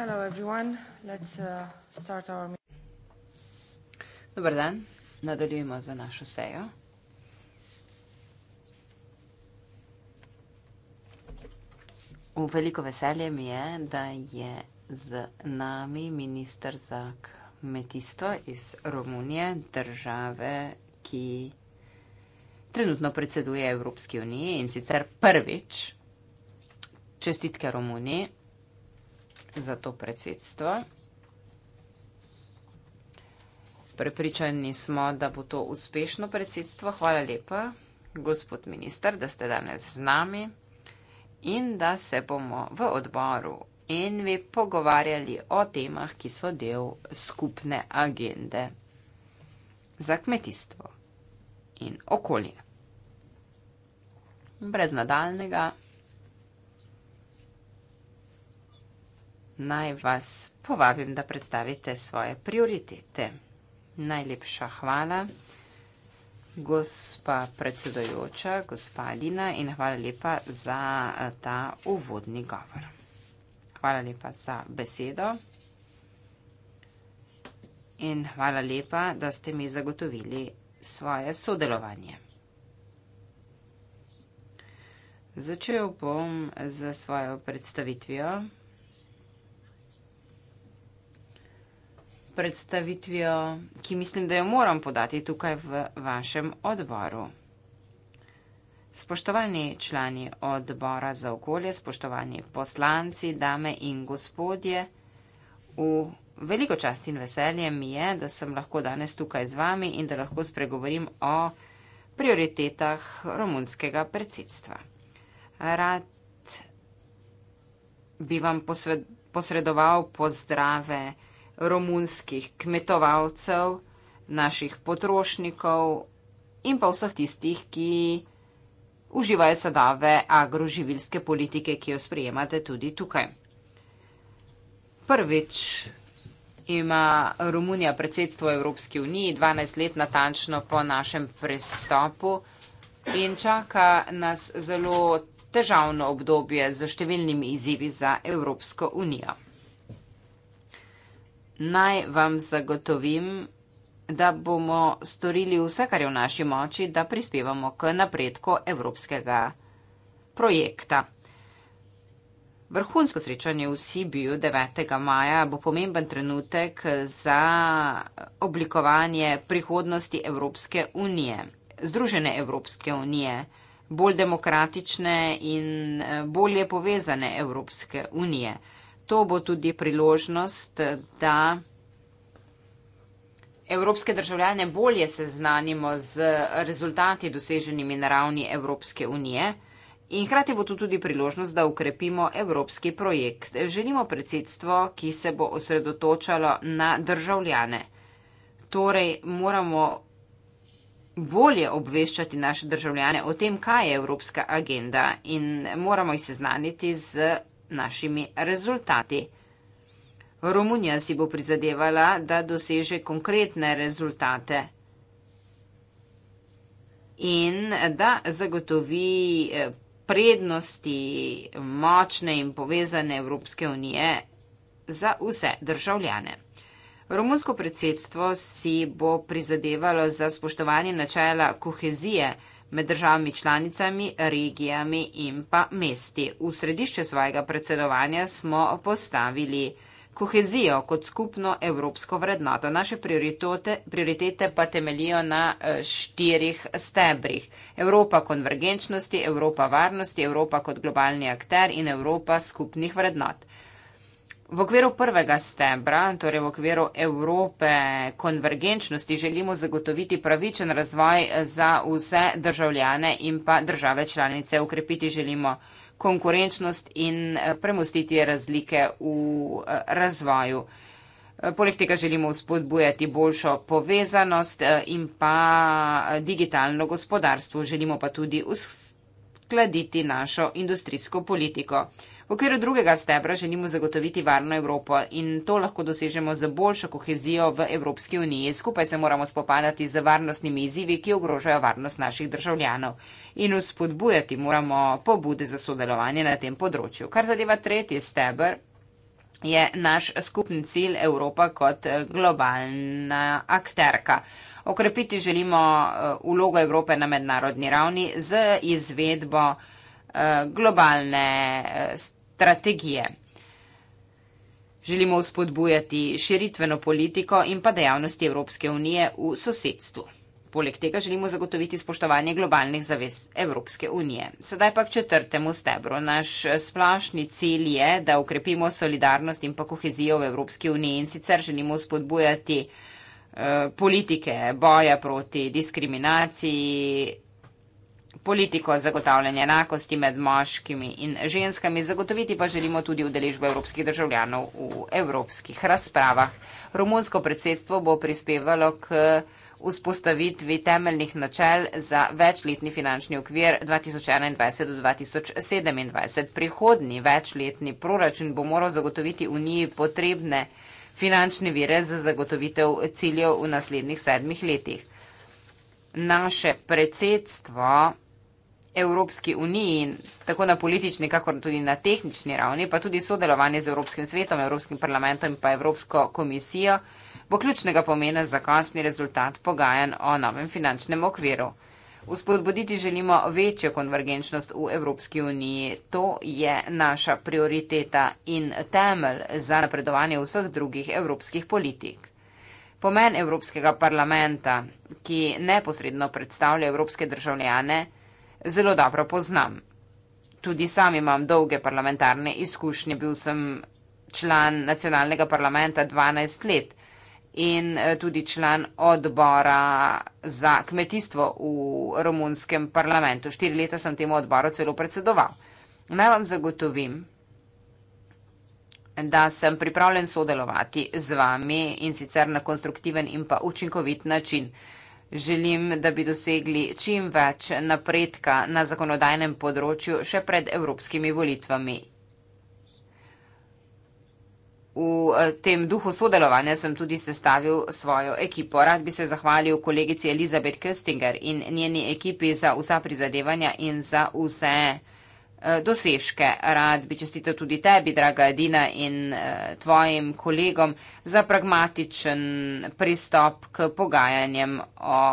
Hello everyone. Let's uh, start our Dobar dan. Nadaljujemo za našo sejo. V veliko veselje mi je, da je z nami minister za kmetijstvo iz Romunije, države, ki trenutno predseduje Evropski uniji in sicer prvič čestitke Romuniji za to predsedstvo. Prepričani smo, da bo to uspešno predsedstvo. Hvala lepa, gospod minister, da ste danes z nami in da se bomo v odboru ENVE pogovarjali o temah, ki so del skupne agende za kmetijstvo in okolje. Brez nadaljnega. naj vas povabim, da predstavite svoje prioritete. Najlepša hvala, gospa predsedojoča, gospodina in hvala lepa za eh, ta uvodni govor. Hvala lepa za besedo in hvala lepa, da ste mi zagotovili svoje sodelovanje. Začel bom z svojo predstavitvijo. predstavitvijo, ki mislim, da jo moram podati tukaj v vašem odboru. Spoštovani člani odbora za okolje, spoštovani poslanci, dame in gospodje, v veliko čast in veselje mi je, da sem lahko danes tukaj z vami in da lahko spregovorim o prioritetah romunskega predsedstva. Rad bi vam posredoval pozdrave romunskih kmetovalcev, naših potrošnikov in pa vseh tistih, ki uživajo sadave agroživilske politike, ki jo sprejemate tudi tukaj. Prvič ima Romunija predsedstvo Evropski uniji, 12 let natančno po našem prestopu in čaka nas zelo težavno obdobje z številnimi izzivi za Evropsko unijo naj vam zagotovim, da bomo storili vse, kar je v naši moči, da prispevamo k napredku evropskega projekta. Vrhunsko srečanje v Sibiju 9. maja bo pomemben trenutek za oblikovanje prihodnosti Evropske unije, Združene Evropske unije, bolj demokratične in eh, bolje povezane Evropske unije to bo tudi priložnost, da evropske državljane bolje seznanimo z rezultati doseženimi na ravni Evropske unije in hkrati bo to tudi priložnost, da ukrepimo evropski projekt. Želimo predsedstvo, ki se bo osredotočalo na državljane. Torej moramo bolje obveščati naše državljane o tem, kaj je evropska agenda in moramo jih seznaniti z našimi rezultati. Romunija si bo prizadevala, da doseže konkretne rezultate in da zagotovi eh, prednosti močne in povezane Evropske unije za vse državljane. Romunsko predsedstvo si bo prizadevalo za spoštovanje načela kohezije, med državami članicami, regijami in pa mesti. V središče svojega predsedovanja smo postavili kohezijo kot skupno evropsko vrednoto. Naše prioritete, prioritete pa temelijo na eh, štirih stebrih. Evropa konvergenčnosti, Evropa varnosti, Evropa kot globalni akter in Evropa skupnih vrednot. V okviru prvega stebra, torej v okviru Evrope konvergenčnosti, želimo zagotoviti pravičen razvoj za vse državljane in pa države članice. Ukrepiti želimo konkurenčnost in eh, premustiti razlike v eh, razvoju. Eh, poleg tega želimo spodbujati boljšo povezanost in pa digitalno gospodarstvo. Želimo pa tudi uskladiti našo industrijsko politiko. V okviru drugega stebra želimo zagotoviti varno Evropo in to lahko dosežemo z boljšo kohezijo v Evropski uniji. Skupaj se moramo spopadati z varnostnimi izzivi, ki ogrožajo varnost naših državljanov in uspodbujati moramo pobude za sodelovanje na tem področju. Kar zadeva tretji stebr, je naš skupni cilj Evropa kot eh, globalna akterka. Okrepiti želimo ulogo eh, Evrope na mednarodni ravni z izvedbo eh, globalne strategije strategije. Želimo vzpodbujati širitveno politiko in pa dejavnosti Evropske unije v sosedstvu. Poleg tega želimo zagotoviti spoštovanje globalnih zavez Evropske unije. Sedaj pa k četrtemu stebru. Naš splošni cilj je, da ukrepimo solidarnost in pa kohezijo v Evropski uniji in sicer želimo spodbujati eh, politike boja proti diskriminaciji, politiko zagotavljanja enakosti med moškimi in ženskami, zagotoviti pa želimo tudi udeležbo evropskih državljanov v evropskih razpravah. Romunsko predsedstvo bo prispevalo k vzpostavitvi temeljnih načel za večletni finančni okvir 2021 do 2027. Prihodni večletni proračun bo moral zagotoviti Uniji potrebne finančne vire za zagotovitev ciljev v naslednjih sedmih letih. Naše predsedstvo Evropski uniji, tako na politični, kako tudi na tehnični ravni, pa tudi sodelovanje z Evropskim svetom, Evropskim parlamentom in pa Evropsko komisijo, bo ključnega pomena za končni rezultat pogajan o novem finančnem okviru. Vzpodbuditi želimo večjo konvergenčnost v Evropski uniji. To je naša prioriteta in temelj za napredovanje vseh drugih evropskih politik. Pomen Evropskega parlamenta, ki neposredno predstavlja evropske državljane, zelo dobro poznam. Tudi sam imam dolge parlamentarne izkušnje, bil sem član nacionalnega parlamenta 12 let in eh, tudi član odbora za kmetijstvo v romunskem parlamentu. Štiri leta sem temu odboru celo predsedoval. Naj vam zagotovim, da sem pripravljen sodelovati z vami in sicer na konstruktiven in pa učinkovit način. Želim, da bi dosegli čim več napredka na zakonodajnem področju še pred evropskimi volitvami. V eh, tem duhu sodelovanja sem tudi sestavil svojo ekipo. Rad bi se zahvalil kolegici Elizabet Köstinger in njeni ekipi za vsa prizadevanja in za vse. Eh, dosežke. Rad bi čestitev tudi tebi, draga Edina, in eh, tvojim kolegom za pragmatičen pristop k pogajanjem o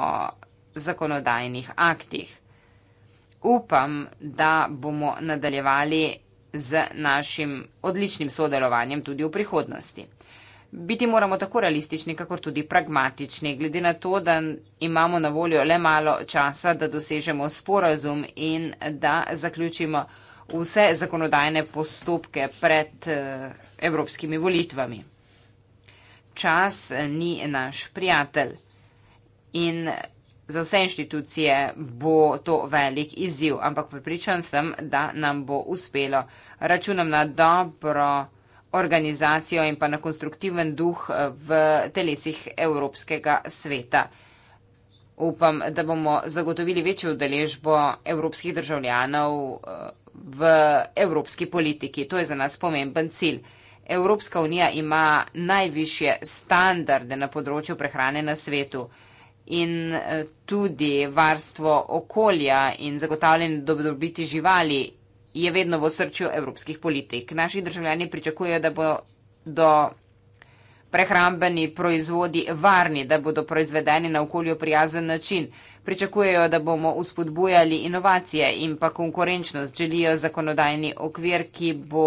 zakonodajnih aktih. Upam, da bomo nadaljevali z našim odličnim sodelovanjem tudi v prihodnosti biti moramo tako realistični, kakor tudi pragmatični, glede na to, da imamo na voljo le malo časa, da dosežemo sporazum in da zaključimo vse zakonodajne postopke pred eh, evropskimi volitvami. Čas eh, ni naš prijatelj in za vse inštitucije bo to velik izziv, ampak pripričan sem, da nam bo uspelo. Računam na dobro organizacijo in pa na konstruktiven duh eh, v telesih Evropskega sveta. Upam, da bomo zagotovili večjo udeležbo evropskih državljanov eh, v evropski politiki. To je za nas pomemben cilj. Evropska unija ima najviše standarde na področju prehrane na svetu in eh, tudi varstvo okolja in zagotavljanje dobrobiti živali je vedno v srču evropskih politik. Naši državljani pričakujejo, da bodo prehrambeni proizvodi varni, da bodo proizvedeni na okolju prijazen način. Pričakujejo, da bomo uspodbujali inovacije in pa konkurenčnost. Želijo zakonodajni okvir, ki bo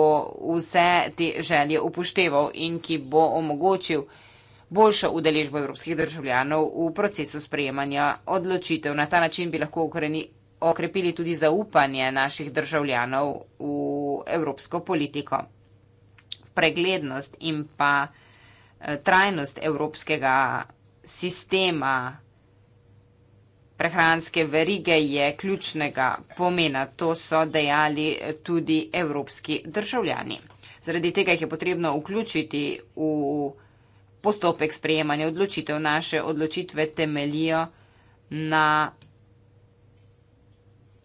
vse te želje upošteval in ki bo omogočil boljšo udeležbo evropskih državljanov v procesu sprejemanja odločitev. Na ta način bi lahko ukrenili okrepili tudi zaupanje naših državljanov v evropsko politiko. Preglednost in pa eh, trajnost evropskega sistema prehranske verige je ključnega pomena. To so dejali eh, tudi evropski državljani. Zaradi tega jih je potrebno vključiti v postopek sprejemanja odločitev. Naše odločitve temelijo na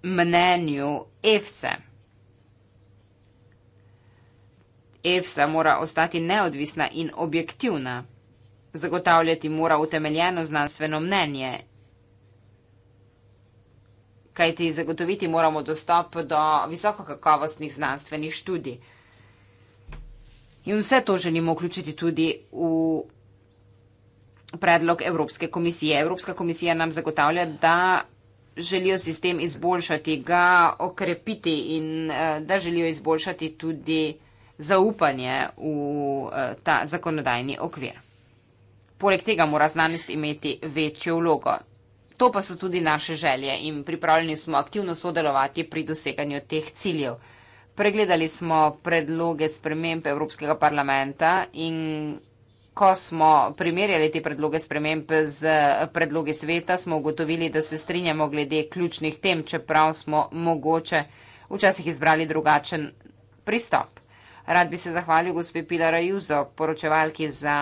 mnenju EFSE. EFSA mora ostati neodvisna in objektivna, zagotavljati mora utemeljeno znanstveno mnenje, kajti zagotoviti moramo dostop do visokokakovostnih znanstvenih študij. In vse to želimo vključiti tudi v predlog Evropske komisije. Evropska komisija nam zagotavlja, da želijo sistem izboljšati, ga okrepiti in eh, da želijo izboljšati tudi zaupanje v eh, ta zakonodajni okvir. Poleg tega mora znanost imeti večjo vlogo. To pa so tudi naše želje in pripravljeni smo aktivno sodelovati pri doseganju teh ciljev. Pregledali smo predloge sprememb Evropskega parlamenta in Ko smo primerjali te predloge sprememb z predloge sveta, smo ugotovili, da se strinjamo glede ključnih tem, čeprav smo mogoče včasih izbrali drugačen pristop. Rad bi se zahvalil gospe Pilar Ajuzo, poročevalki za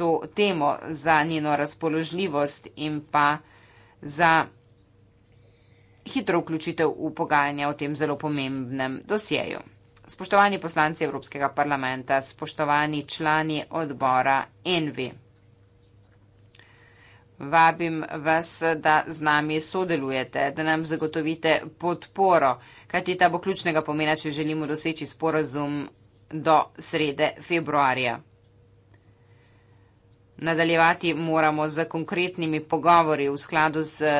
to temo, za njeno razpoložljivost in pa za hitro vključitev v pogajanja o tem zelo pomembnem dosjeju spoštovani poslanci Evropskega parlamenta, spoštovani člani odbora Envi. Vabim vas, da z nami sodelujete, da nam zagotovite podporo, kajti ta bo ključnega pomena, če želimo doseči sporazum do srede februarja. Nadaljevati moramo z konkretnimi pogovori v skladu z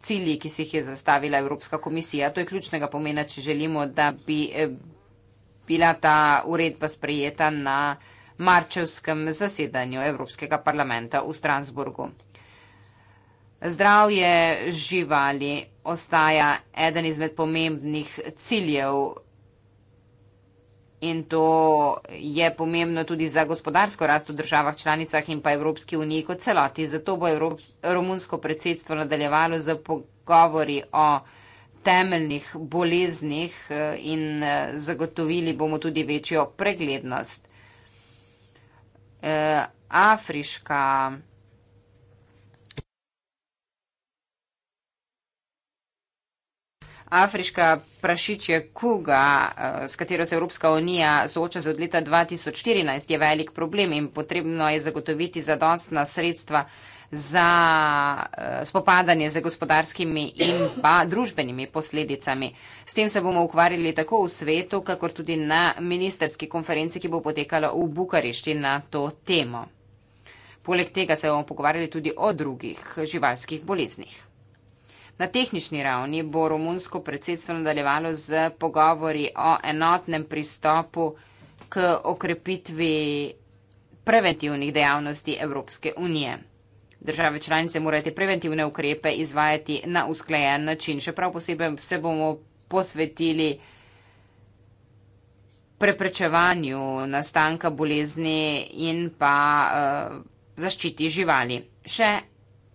cilji, ki si jih je zastavila Evropska komisija. To je ključnega pomena, če želimo, da bi bila ta uredba sprejeta na marčevskem zasedanju Evropskega parlamenta v Strasburgu. Zdravje živali ostaja eden izmed pomembnih ciljev in to je pomembno tudi za gospodarsko rast v državah članicah in pa Evropski uniji kot celoti. Zato bo Evrop romunsko predsedstvo nadaljevalo z pogovori o temeljnih boleznih eh, in eh, zagotovili bomo tudi večjo preglednost. Eh, afriška Afriška prašičja kuga, s katero se Evropska unija sooča z od leta 2014, je velik problem in potrebno je zagotoviti zadostna sredstva za eh, spopadanje z gospodarskimi in pa družbenimi posledicami. S tem se bomo ukvarjali tako v svetu, kakor tudi na ministerski konferenci, ki bo potekala v Bukarešti na to temo. Poleg tega se bomo pogovarjali tudi o drugih živalskih boleznih. Na tehnični ravni bo romunsko predsedstvo nadaljevalo z pogovori o enotnem pristopu k okrepitvi preventivnih dejavnosti Evropske unije. Države članice morajo te preventivne ukrepe izvajati na usklajen način. Še prav posebej se bomo posvetili preprečevanju nastanka bolezni in pa uh, zaščiti živali. Še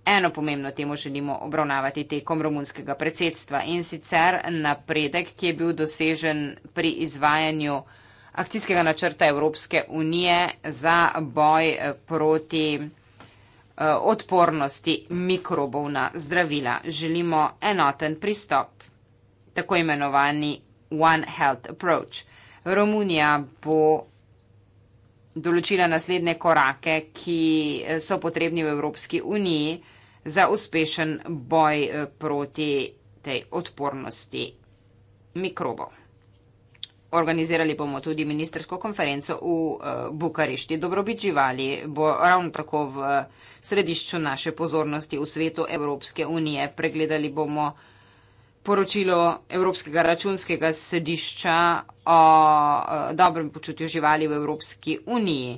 eno pomembno temo želimo obravnavati tekom romunskega predsedstva in sicer napredek, ki je bil dosežen pri izvajanju akcijskega načrta Evropske unije za boj eh, proti. Eh, odpornosti mikrobov na zdravila. Želimo enoten pristop, tako imenovani One Health Approach. Romunija bo določila naslednje korake, ki eh, so potrebni v Evropski uniji za uspešen boj eh, proti tej odpornosti mikrobov. Organizirali bomo tudi ministersko konferenco v uh, Bukarešti. Dobrobit živali bo ravno tako v središču naše pozornosti v svetu Evropske unije. Pregledali bomo poročilo Evropskega računskega središča o uh, dobrem počutju živali v Evropski uniji.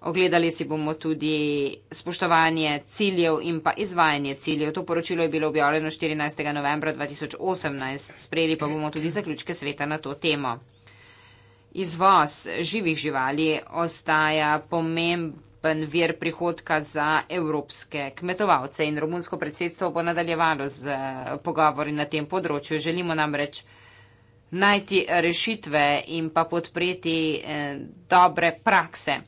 Ogledali si bomo tudi spoštovanje ciljev in pa izvajanje ciljev. To poročilo je bilo objavljeno 14. novembra 2018. Sprejeli pa bomo tudi zaključke sveta na to temo. Izvoz živih živali ostaja pomemben vir prihodka za evropske kmetovalce in romunsko predsedstvo bo nadaljevalo z eh, pogovori na tem področju. Želimo namreč najti rešitve in pa podpreti eh, dobre prakse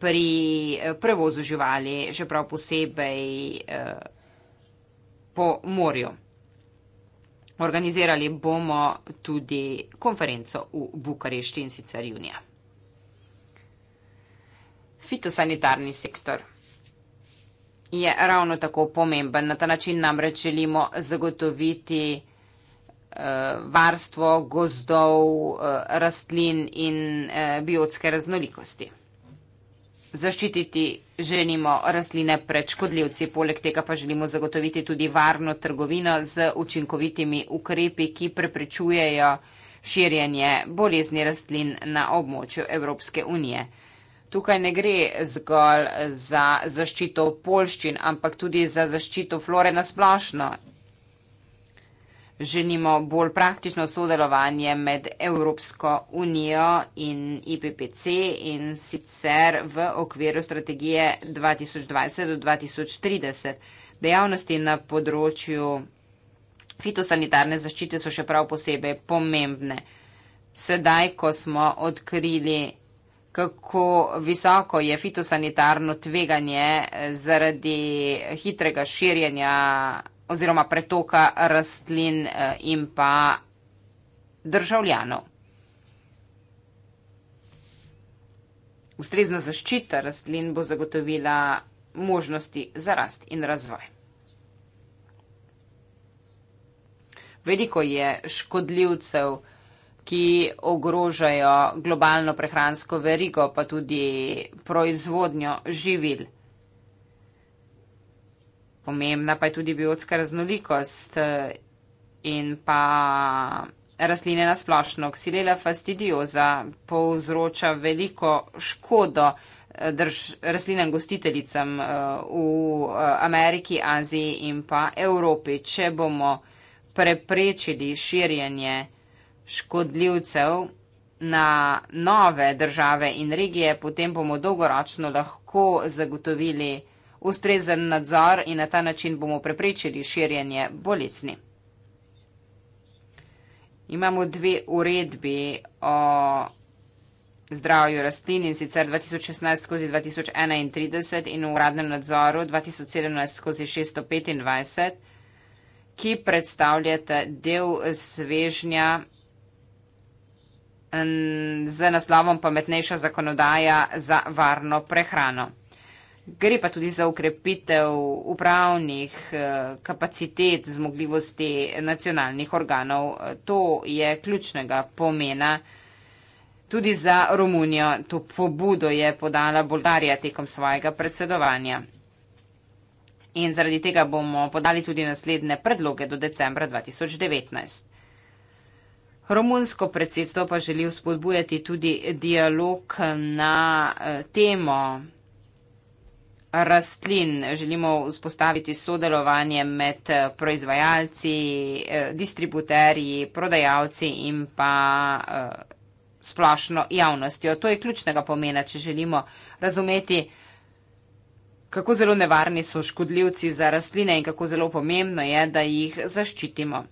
pri eh, prevozu živali, še prav posebej po morju. Organizirali bomo tudi konferenco v Bukarešti in sicer junija. Fitosanitarni sektor je ravno tako pomemben. Na ta način namreč želimo zagotoviti eh, varstvo gozdov, eh, rastlin in eh, biotske raznolikosti zaščititi želimo rastline pred škodljivci, poleg tega pa želimo zagotoviti tudi varno trgovino z učinkovitimi ukrepi, ki preprečujejo širjenje bolezni rastlin na območju Evropske unije. Tukaj ne gre zgolj za zaščito polščin, ampak tudi za zaščito flore na splošno želimo bolj praktično sodelovanje med Evropsko unijo in IPPC in sicer v okviru strategije 2020 do 2030. Dejavnosti na področju fitosanitarne zaščite so še prav posebej pomembne. Sedaj, ko smo odkrili, kako visoko je fitosanitarno tveganje eh, zaradi hitrega širjenja oziroma pretoka rastlin eh, in pa državljanov. Ustrezna zaščita rastlin bo zagotovila možnosti za rast in razvoj. Veliko je škodljivcev, ki ogrožajo globalno prehransko verigo, pa tudi proizvodnjo živil pomembna pa je tudi biotska raznolikost eh, in pa rastline na splošno. Ksilela fastidioza povzroča veliko škodo eh, drž, rastlinem gostiteljicam eh, v Ameriki, Aziji in pa Evropi. Če bomo preprečili širjenje škodljivcev na nove države in regije, potem bomo dolgoročno lahko zagotovili, ustrezen nadzor in na ta način bomo preprečili širjenje bolezni. Imamo dve uredbi o zdravju rastlin in sicer 2016 skozi 2031 in v uradnem nadzoru 2017 skozi 625, ki predstavljate del svežnja z naslovom pametnejša zakonodaja za varno prehrano gre pa tudi za ukrepitev upravnih eh, kapacitet, zmogljivosti nacionalnih organov. To je ključnega pomena. Tudi za Romunijo to pobudo je podala Boldarija tekom svojega predsedovanja. In zaradi tega bomo podali tudi naslednje predloge do decembra 2019. Romunsko predsedstvo pa želi vzpodbujati tudi dialog na eh, temo rastlin, želimo vzpostaviti sodelovanje med eh, proizvajalci, eh, distributerji, prodajalci in pa eh, splošno javnostjo. To je ključnega pomena, če želimo razumeti, kako zelo nevarni so škodljivci za rastline in kako zelo pomembno je, da jih zaščitimo.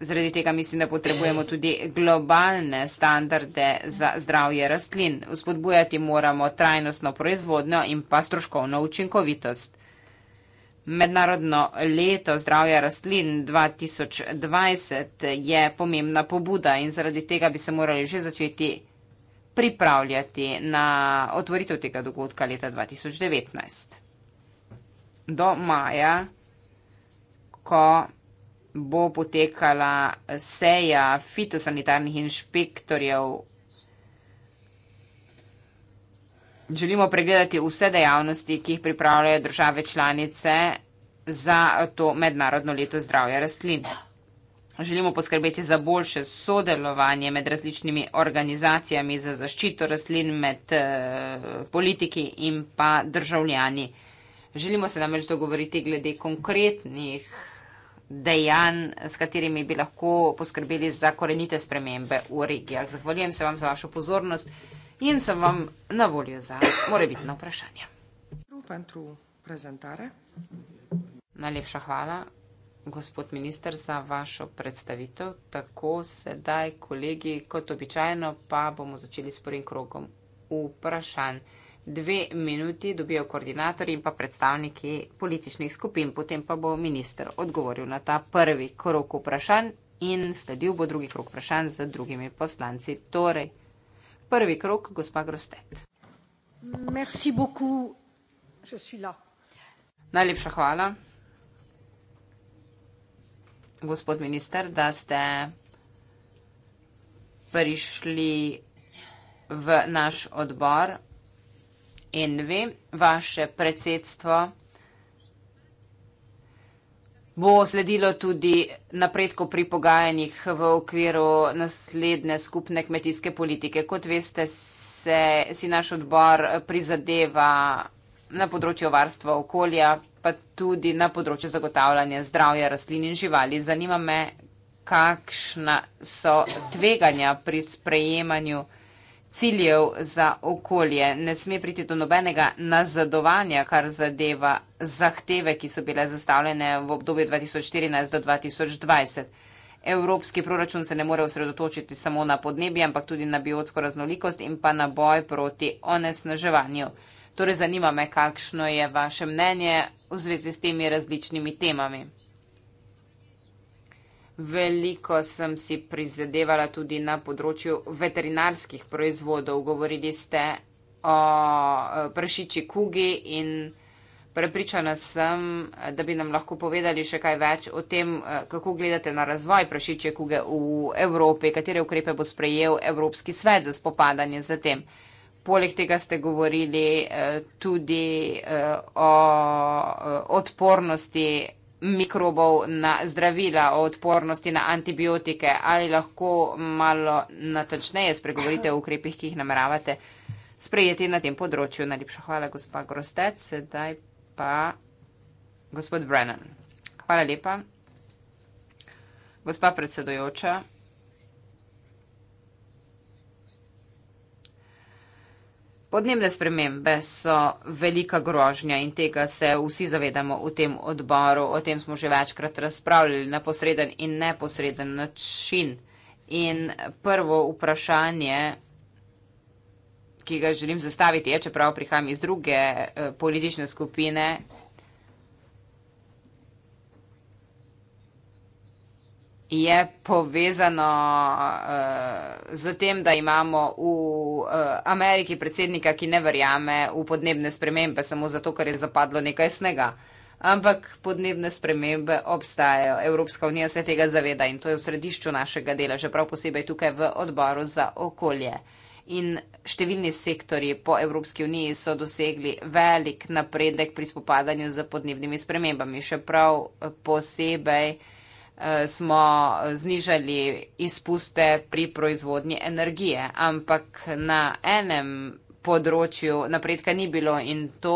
Zaradi tega mislim, da potrebujemo tudi globalne standarde za zdravje rastlin. Vzpodbujati moramo trajnostno proizvodnjo in pa stroškovno učinkovitost. Mednarodno leto zdravja rastlin 2020 je pomembna pobuda in zaradi tega bi se morali že začeti pripravljati na otvoritev tega dogodka leta 2019. Do maja, ko bo potekala seja fitosanitarnih inšpektorjev. Želimo pregledati vse dejavnosti, ki jih pripravljajo države članice za to mednarodno leto zdravja rastlin. Želimo poskrbeti za boljše sodelovanje med različnimi organizacijami za zaščito rastlin, med eh, politiki in pa državljani. Želimo se namreč dogovoriti glede konkretnih dejanj, s katerimi bi lahko poskrbeli za korenite spremembe v regijah. Zahvaljujem se vam za vašo pozornost in sem vam na voljo za morebitno vprašanje. Najlepša hvala, gospod minister, za vašo predstavitev. Tako sedaj, kolegi, kot običajno, pa bomo začeli s prvim krogom vprašanj dve minuti dobijo koordinatorji in pa predstavniki političnih skupin. Potem pa bo minister odgovoril na ta prvi krok vprašanj in sledil bo drugi krok vprašanj z drugimi poslanci. Torej, prvi krok, gospa Grostet. Merci beaucoup. Je suis là. Najlepša hvala, gospod minister, da ste prišli v naš odbor in vi, vaše predsedstvo, bo sledilo tudi napredko pri pogajanjih v okviru naslednje skupne kmetijske politike. Kot veste, se, si naš odbor prizadeva na področju varstva okolja, pa tudi na področju zagotavljanja zdravja rastlin in živali. Zanima me, kakšna so tveganja pri sprejemanju ciljev za okolje. Ne sme priti do nobenega nazadovanja, kar zadeva zahteve, ki so bile zastavljene v obdobju 2014 do 2020. Evropski proračun se ne more osredotočiti samo na podnebje, ampak tudi na biotsko raznolikost in pa na boj proti onesnaževanju. Torej zanima me, kakšno je vaše mnenje v zvezi s temi različnimi temami. Veliko sem si prizadevala tudi na področju veterinarskih proizvodov. Govorili ste o eh, prašiči kugi in prepričana sem, da bi nam lahko povedali še kaj več o tem, eh, kako gledate na razvoj prašiče kuge v Evropi, katere ukrepe bo sprejel Evropski svet za spopadanje z tem. Poleg tega ste govorili eh, tudi o odpornosti mikrobov na zdravila, o odpornosti na antibiotike. Ali lahko malo natočneje spregovorite o ukrepih, ki jih nameravate sprejeti na tem področju? Najlepša hvala, gospa Grostec. Sedaj pa gospod Brennan. Hvala lepa. Gospa predsedujoča. Podnebne spremembe so velika grožnja in tega se vsi zavedamo v tem odboru. O tem smo že večkrat razpravljali na posreden in neposreden način. In prvo vprašanje, ki ga želim zastaviti, je, čeprav prihajam iz druge eh, politične skupine, je povezano uh, z tem, da imamo v uh, Ameriki predsednika, ki ne verjame v podnebne spremembe samo zato, ker je zapadlo nekaj snega. Ampak podnebne spremembe obstajajo. Evropska unija se tega zaveda in to je v središču našega dela, že prav posebej tukaj v odboru za okolje. In številni sektori po Evropski uniji so dosegli velik napredek pri spopadanju z podnebnimi spremembami, še prav posebej smo znižali izpuste pri proizvodnji energije, ampak na enem področju napredka ni bilo in to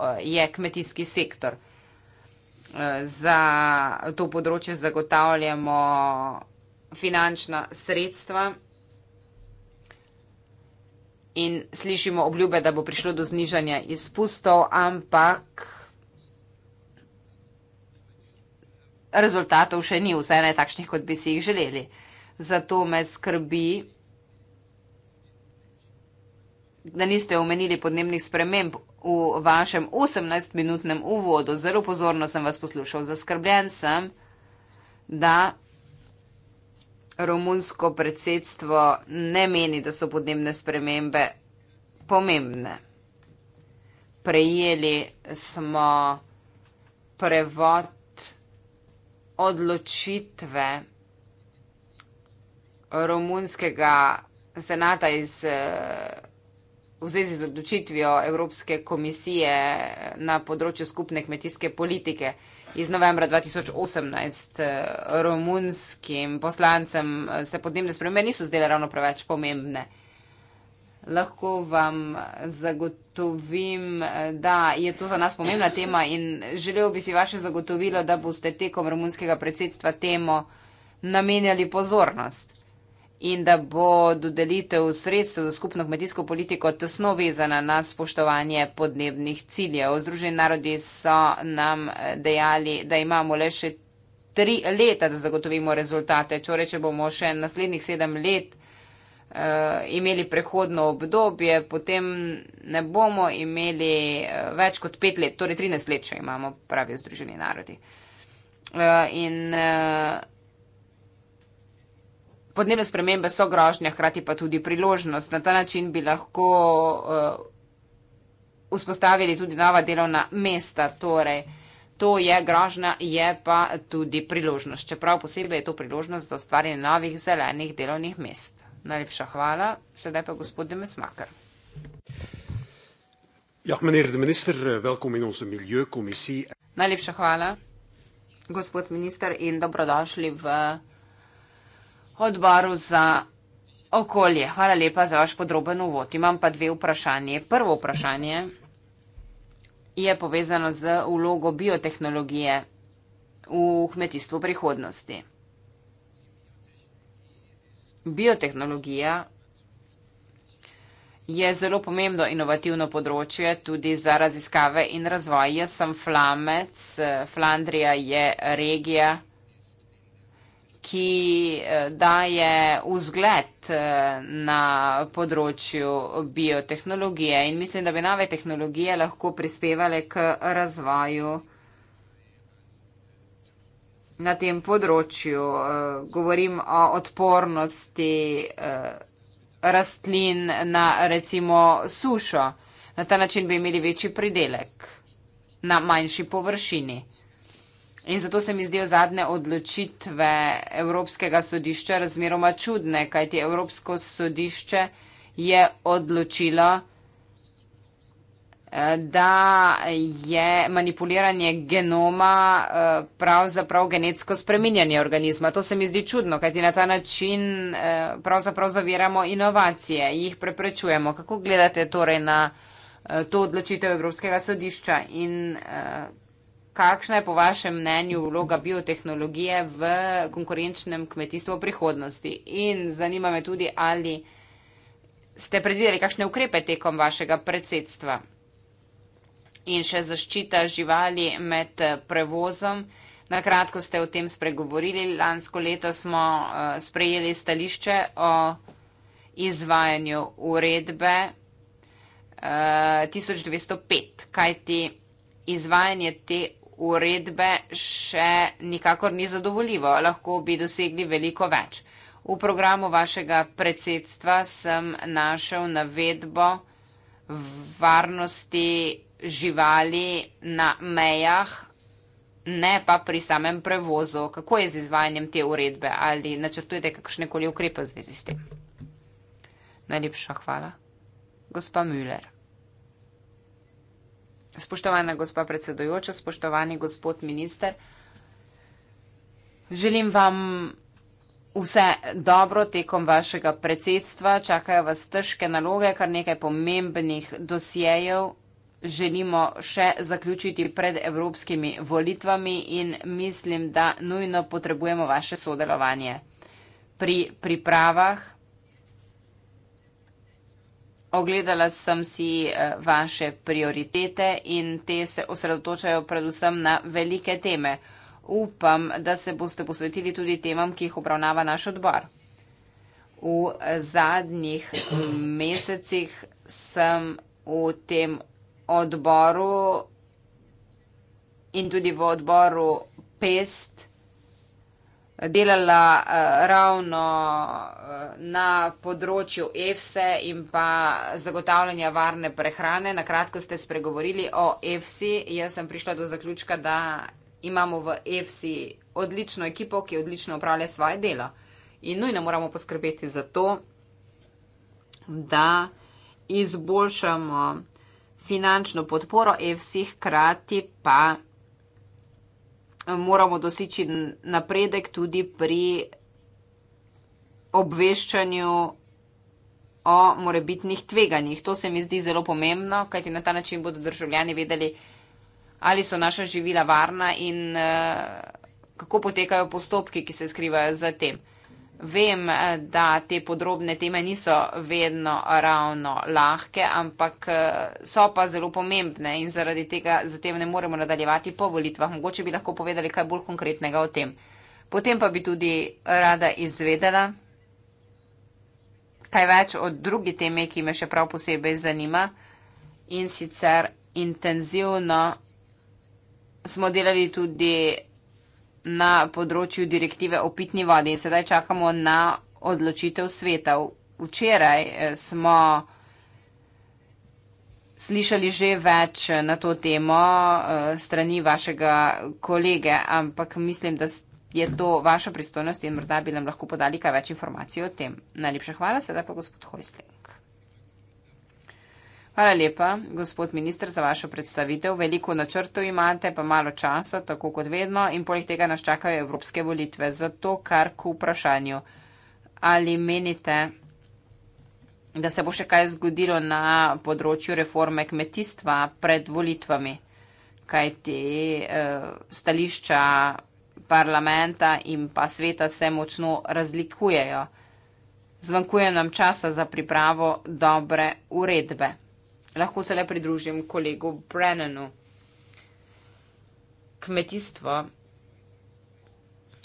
eh, je kmetijski sektor. Eh, za to področje zagotavljamo finančna sredstva in slišimo obljube, da bo prišlo do znižanja izpustov, ampak rezultatov še ni, vse ne takšnih, kot bi si jih želeli. Zato me skrbi, da niste omenili podnebnih sprememb v vašem 18-minutnem uvodu. Zelo pozorno sem vas poslušal. Zaskrbljen sem, da romunsko predsedstvo ne meni, da so podnebne spremembe pomembne. Prejeli smo prevod odločitve romunskega senata iz, eh, v zvezi z odločitvijo Evropske komisije na področju skupne kmetijske politike. Iz novembra 2018 eh, romunskim poslancem eh, se podnebne spremembe niso zdele ravno preveč pomembne lahko vam zagotovim, da je to za nas pomembna tema in želel bi si vaše zagotovilo, da boste tekom romunskega predsedstva temo namenjali pozornost in da bo dodelitev sredstev za skupno kmetijsko politiko tesno vezana na spoštovanje podnebnih ciljev. Združeni narodi so nam dejali, da imamo le še tri leta, da zagotovimo rezultate. Čore, če bomo še naslednjih sedem let. Eh, imeli prehodno obdobje, potem ne bomo imeli eh, več kot pet let, torej 13 let, če imamo, pravijo Združeni narodi. Eh, in podnebne spremembe so grožnja, hkrati pa tudi priložnost. Na ta način bi lahko vzpostavili tudi nova delovna mesta, torej to je grožnja, je pa tudi priložnost. Čeprav posebej je to priložnost za ustvarjanje novih zelenih delovnih mest. Najlepša hvala. Sedaj pa gospod Demesmaker. Ja, meneer de minister, welkom in onze Milieukomisie. Najlepša hvala, gospod minister, in dobrodošli v odboru za okolje. Hvala lepa za vaš podroben uvod. Imam pa dve vprašanje. Prvo vprašanje je povezano z ulogo biotehnologije v kmetijstvu prihodnosti biotehnologija je zelo pomembno inovativno področje tudi za raziskave in razvoj. Jaz sem Flamec, Flandrija je regija, ki eh, daje vzgled eh, na področju biotehnologije in mislim, da bi nove tehnologije lahko prispevale k razvoju na tem področju. Eh, govorim o odpornosti eh, rastlin na recimo sušo. Na ta način bi imeli večji pridelek na manjši površini. In zato se mi zdijo zadnje odločitve Evropskega sodišča razmeroma čudne, kajti Evropsko sodišče je odločilo, da je manipuliranje genoma eh, pravzaprav genetsko spreminjanje organizma. To se mi zdi čudno, kajti na ta način eh, pravzaprav zaviramo inovacije, jih preprečujemo. Kako gledate torej na eh, to odločitev Evropskega sodišča in kakšna je po vašem mnenju vloga biotehnologije v konkurenčnem kmetijstvu v prihodnosti? In zanima me tudi, ali ste predvideli kakšne ukrepe tekom vašega predsedstva? in še zaščita živali med eh, prevozom. Na kratko ste o tem spregovorili. Lansko leto smo eh, sprejeli stališče o izvajanju uredbe 1205, eh, kajti izvajanje te uredbe še nikakor ni zadovoljivo. Lahko bi dosegli veliko več. V programu vašega predsedstva sem našel navedbo varnosti živali na mejah, ne pa pri samem prevozu. Kako je z izvajanjem te uredbe? Ali načrtujete kakšne koli ukrepe v zvezi s tem? Najlepša hvala. Gospa Müller. Spoštovana gospa predsedojoča, spoštovani gospod minister, želim vam vse dobro tekom vašega predsedstva. Čakajo vas težke naloge, kar nekaj pomembnih dosjejev želimo še zaključiti pred evropskimi volitvami in mislim, da nujno potrebujemo vaše sodelovanje. Pri pripravah ogledala sem si eh, vaše prioritete in te se osredotočajo predvsem na velike teme. Upam, da se boste posvetili tudi temam, ki jih obravnava naš odbor. V zadnjih mesecih sem v tem odboru odboru in tudi v odboru PEST delala eh, ravno eh, na področju EFSE in pa zagotavljanja varne prehrane. Nakratko ste spregovorili o EFSE. Jaz sem prišla do zaključka, da imamo v EFSE odlično ekipo, ki odlično upravlja svoje delo. In nujno moramo poskrbeti za to, da izboljšamo finančno podporo EFSI, hkrati pa moramo doseči napredek tudi pri obveščanju o morebitnih tveganjih. To se mi zdi zelo pomembno, kajti na ta način bodo državljani vedeli, ali so naša živila varna in eh, kako potekajo postopki, ki se skrivajo za tem. Vem, eh, da te podrobne teme niso vedno ravno lahke, ampak eh, so pa zelo pomembne in zaradi tega zatem ne moremo nadaljevati po volitvah. Mogoče bi lahko povedali kaj bolj konkretnega o tem. Potem pa bi tudi rada izvedela kaj več o drugi temi, ki me še prav posebej zanima in sicer intenzivno smo delali tudi na področju direktive o pitni vodi in sedaj čakamo na odločitev sveta. Včeraj eh, smo slišali že več eh, na to temo eh, strani vašega kolege, ampak mislim, da je to vaša pristojnost in morda bi nam lahko podali kaj več informacij o tem. Najlepša hvala, sedaj pa gospod Hojsling. Hvala lepa, gospod minister, za vašo predstavitev. Veliko načrtov imate, pa malo časa, tako kot vedno, in poleg tega nas čakajo evropske volitve. Zato kar k vprašanju. Ali menite, da se bo še kaj zgodilo na področju reforme kmetijstva pred volitvami? Kaj ti eh, stališča parlamenta in pa sveta se močno razlikujejo? Zvankuje nam časa za pripravo dobre uredbe lahko se le pridružim kolegu Brennanu. Kmetijstvo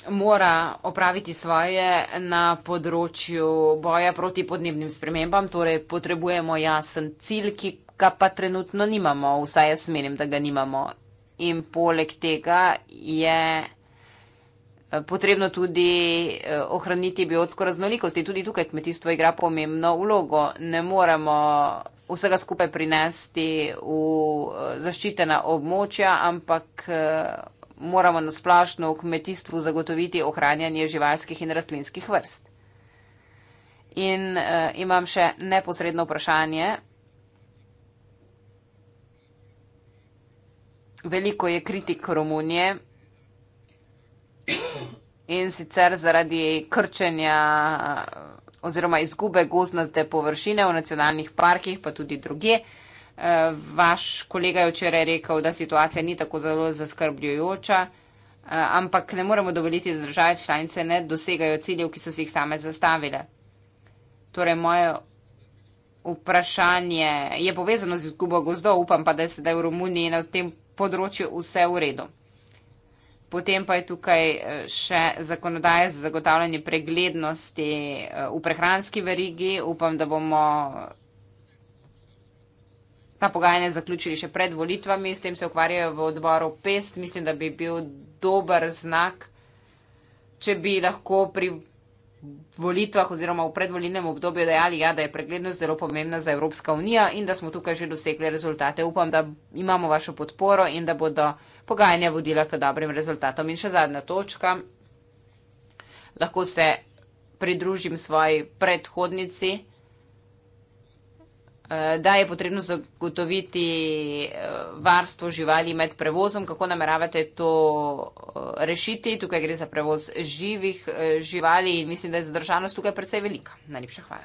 mora opraviti svoje na področju boja proti podnebnim spremembam, torej potrebujemo jasen cilj, ki ga pa trenutno nimamo, vsaj jaz menim, da ga nimamo. In poleg tega je. Eh, potrebno tudi eh, ohraniti biotsko raznolikost. In tudi tukaj kmetijstvo igra pomembno vlogo. Ne moremo vsega skupaj prinesti v eh, zaščitena območja, ampak moramo nasplašno v kmetijstvu zagotoviti ohranjanje živalskih in rastlinskih vrst. In uh, imam še neposredno vprašanje. Veliko je kritik Romunije. In sicer zaradi krčenja oziroma izgube gozdnaste površine v nacionalnih parkih, pa tudi druge. Eh, vaš kolega je včeraj rekel, da situacija ni tako zelo zaskrbljujoča, eh, ampak ne moremo dovoliti, da države članice ne dosegajo ciljev, ki so si jih same zastavile. Torej, moje vprašanje je povezano z izgubo gozdov, upam pa, da je sedaj v Romuniji na tem področju vse v redu. Potem pa je tukaj eh, še zakonodaje za zagotavljanje preglednosti eh, v prehranski verigi. Upam, da bomo ta pogajanja zaključili še pred volitvami. S tem se ukvarjajo v odboru PEST. Mislim, da bi bil dober znak, če bi lahko pri volitvah oziroma v predvolilnem obdobju dejali, ja, da je preglednost zelo pomembna za Evropska unija in da smo tukaj že dosegli rezultate. Upam, da imamo vašo podporo in da bodo pogajanja vodila k dobrim rezultatom. In še zadnja točka. Lahko se pridružim svoji predhodnici. Eh, da je potrebno zagotoviti eh, varstvo živali med prevozom. Kako nameravate to eh, rešiti? Tukaj gre za prevoz živih živali in mislim, da je zadržanost tukaj predvsej velika. Najlepša hvala.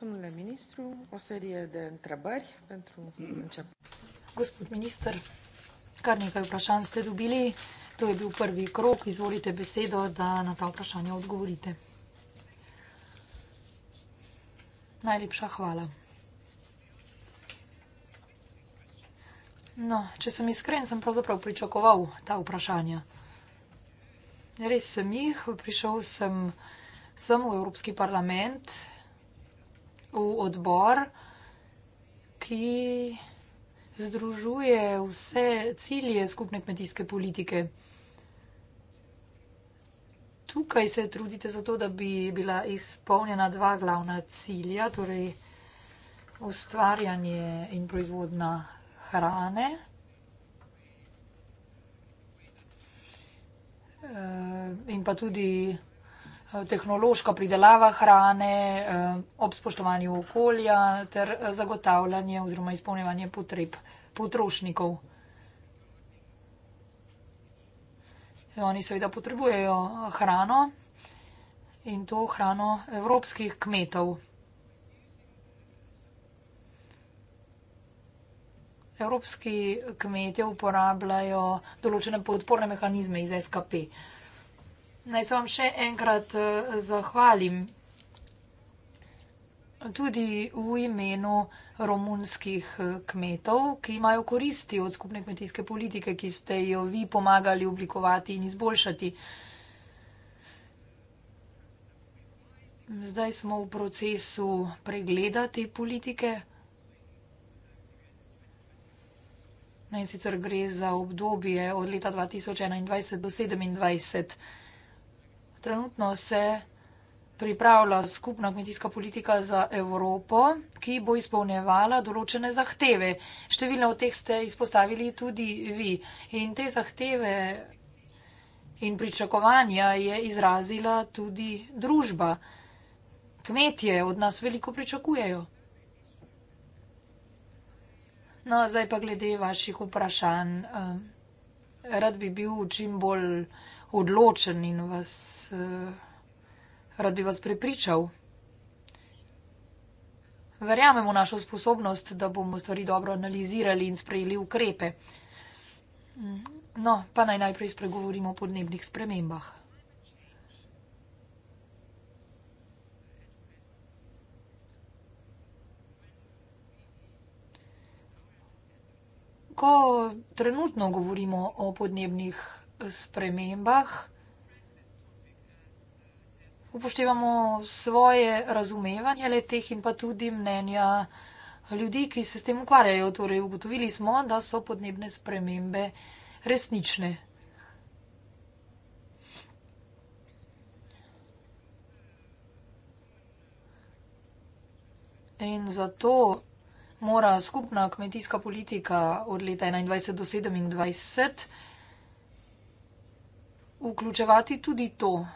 Domnule ministru, osredje de întrebări pentru început. Gospod minister, kar nekaj vprašanj ste dobili. Uh, To je bil prvi krog, izvolite besedo, da na ta vprašanja odgovorite. Najlepša hvala. No, če sem iskren, sem pravzaprav pričakoval ta vprašanja. Res sem jih, prišel sem sem v Evropski parlament, v odbor, ki združuje vse cilje skupne kmetijske politike. Tukaj se trudite za to, da bi bila izpolnjena dva glavna cilja, torej ustvarjanje in proizvodna hrane. Eh, in pa tudi tehnološka pridelava hrane eh, ob spoštovanju okolja ter eh, zagotavljanje oziroma izpolnjevanje potreb potrošnikov. Ja, oni seveda potrebujejo hrano in to hrano evropskih kmetov. Evropski kmetje uporabljajo določene podporne mehanizme iz SKP. Naj se vam še enkrat eh, zahvalim tudi v imenu romunskih eh, kmetov, ki imajo koristi od skupne kmetijske politike, ki ste jo vi pomagali oblikovati in izboljšati. Zdaj smo v procesu pregleda te politike. No, in sicer gre za obdobje od leta 2021 do 2027 trenutno se pripravlja skupna kmetijska politika za Evropo, ki bo izpolnjevala določene zahteve. Številne od teh ste izpostavili tudi vi. In te zahteve in pričakovanja je izrazila tudi družba. Kmetje od nas veliko pričakujejo. No, zdaj pa glede vaših vprašanj. Ehm, rad bi bil čim bolj odločen in vas, uh, rad bi vas prepričal. Verjamem v našo sposobnost, da bomo stvari dobro analizirali in sprejeli ukrepe. No, pa naj najprej spregovorimo o podnebnih spremembah. Ko trenutno govorimo o podnebnih spremembah, spremembah, upoštevamo svoje razumevanje le teh in pa tudi mnenja ljudi, ki se s tem ukvarjajo. Torej, ugotovili smo, da so podnebne spremembe resnične. In zato mora skupna kmetijska politika od leta 2021 do 2027 vključevati tudi to.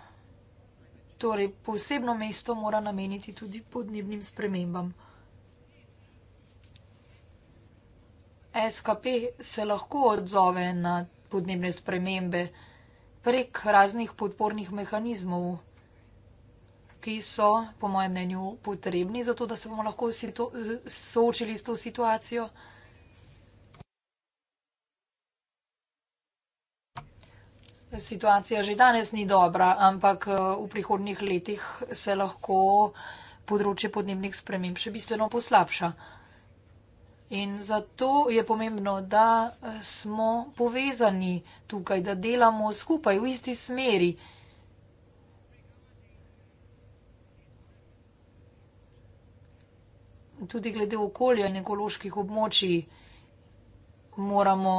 Torej, posebno mesto mora nameniti tudi podnebnim spremembam. SKP se lahko odzove na podnebne spremembe prek raznih podpornih mehanizmov, ki so, po mojem mnenju, potrebni za to, da se bomo lahko soočili s to situacijo. situacija že danes ni dobra, ampak eh, v prihodnjih letih se lahko področje podnebnih sprememb še bistveno poslabša. In zato je pomembno, da eh, smo povezani tukaj, da delamo skupaj v isti smeri. Tudi glede okolja in ekoloških območij moramo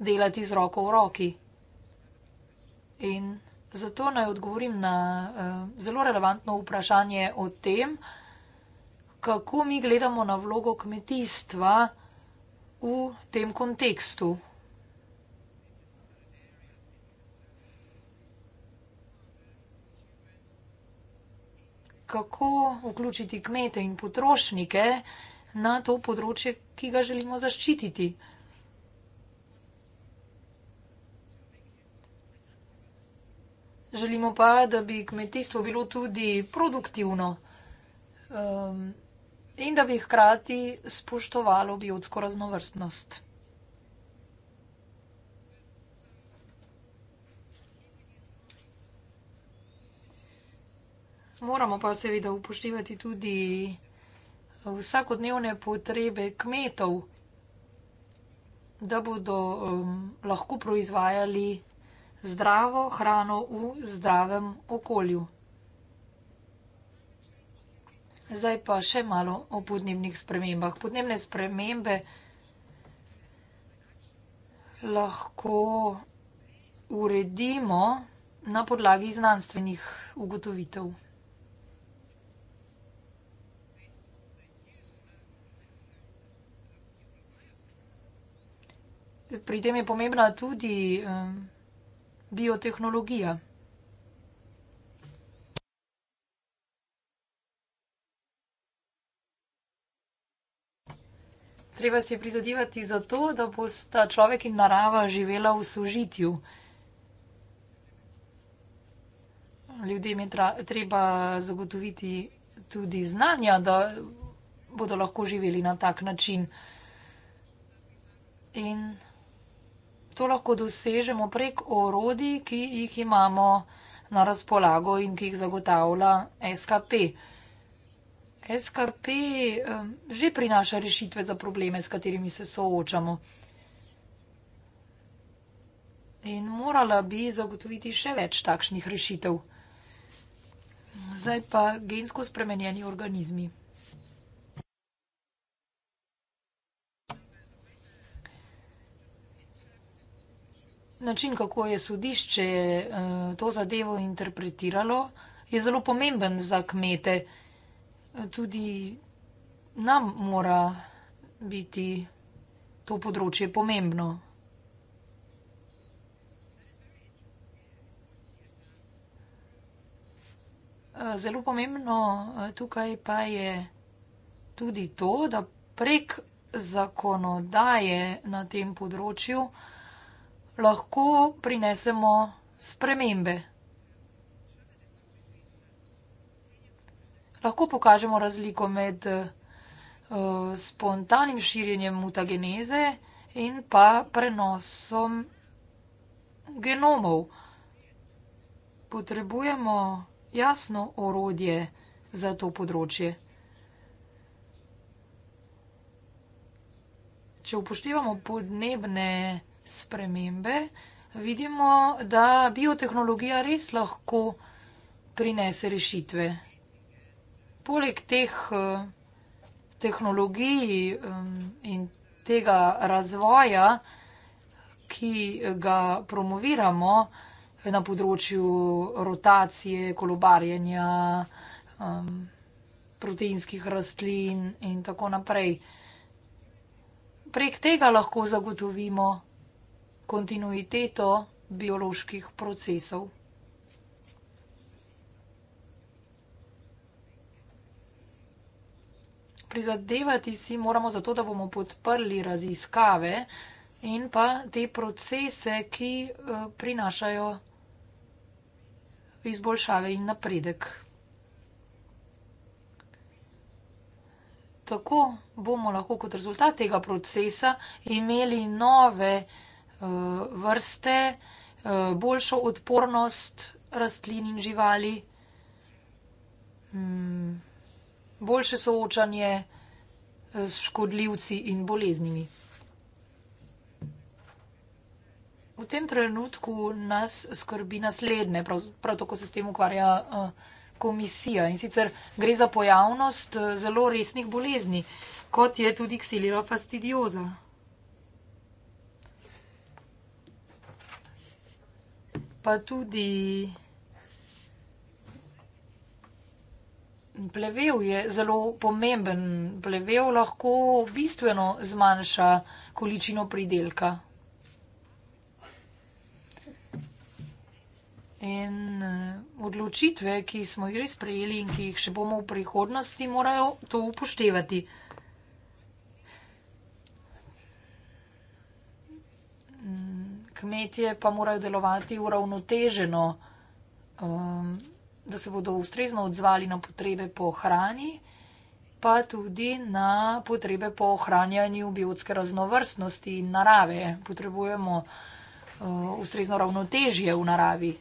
delati z roko v roki. In zato naj odgovorim na uh, zelo relevantno vprašanje o tem, kako mi gledamo na vlogo kmetijstva v tem kontekstu. Kako vključiti kmete in potrošnike na to področje, ki ga želimo zaščititi? Želimo pa, da bi kmetijstvo bilo tudi produktivno um, in da bi hkrati spoštovalo biotsko raznovrstnost. Moramo pa seveda upoštevati tudi vsakodnevne potrebe kmetov, da bodo um, lahko proizvajali zdravo hrano v zdravem okolju. Zdaj pa še malo o podnebnih spremembah. Podnebne spremembe lahko uredimo na podlagi znanstvenih ugotovitev. Pri tem je pomembna tudi, eh, Biotehnologija. Treba si je prizadevati za to, da bosta človek in narava živela v sožitju. Ljudem je treba zagotoviti tudi znanja, da bodo lahko živeli na tak način. In to lahko dosežemo prek orodi, ki jih imamo na razpolago in ki jih zagotavlja SKP. SKP že prinaša rešitve za probleme, s katerimi se soočamo. In morala bi zagotoviti še več takšnih rešitev. Zdaj pa gensko spremenjeni organizmi. način, kako je sodišče eh, to zadevo interpretiralo, je zelo pomemben za kmete. Eh, tudi nam mora biti to področje pomembno. Eh, zelo pomembno tukaj pa je tudi to, da prek zakonodaje na tem področju uh, lahko prinesemo spremembe. Lahko pokažemo razliko med eh, spontanim širjenjem mutageneze in pa prenosom genomov. Potrebujemo jasno orodje za to področje. Če upoštevamo podnebne vsega, spremembe, vidimo, da biotehnologija res lahko prinese rešitve. Poleg teh eh, tehnologij in tega razvoja, ki ga promoviramo na področju rotacije, kolobarjanja, proteinskih rastlin in tako naprej. Prek tega lahko zagotovimo kontinuiteto bioloških procesov. Prizadevati si moramo za to, da bomo podprli raziskave in pa te procese, ki eh, prinašajo izboljšave in napredek. Tako bomo lahko kot rezultat tega procesa imeli nove izboljšave, Eh, vrste, eh, boljšo odpornost rastlin in živali, mm, boljše soočanje eh, s škodljivci in boleznimi. V tem trenutku nas skrbi naslednje, prav, prav tako se s tem ukvarja komisija in sicer gre za pojavnost zelo resnih bolezni, kot je tudi ksilirofastidioza. pa tudi plevel je zelo pomemben. Plevel lahko bistveno zmanjša količino pridelka. In eh, odločitve, ki smo jih res prejeli in ki jih še bomo v prihodnosti, morajo to upoštevati. kmetje pa morajo delovati uravnoteženo, um, da se bodo ustrezno odzvali na potrebe po hrani, pa tudi na potrebe po ohranjanju biotske raznovrstnosti in narave. Potrebujemo uh, ustrezno ravnotežje v naravi.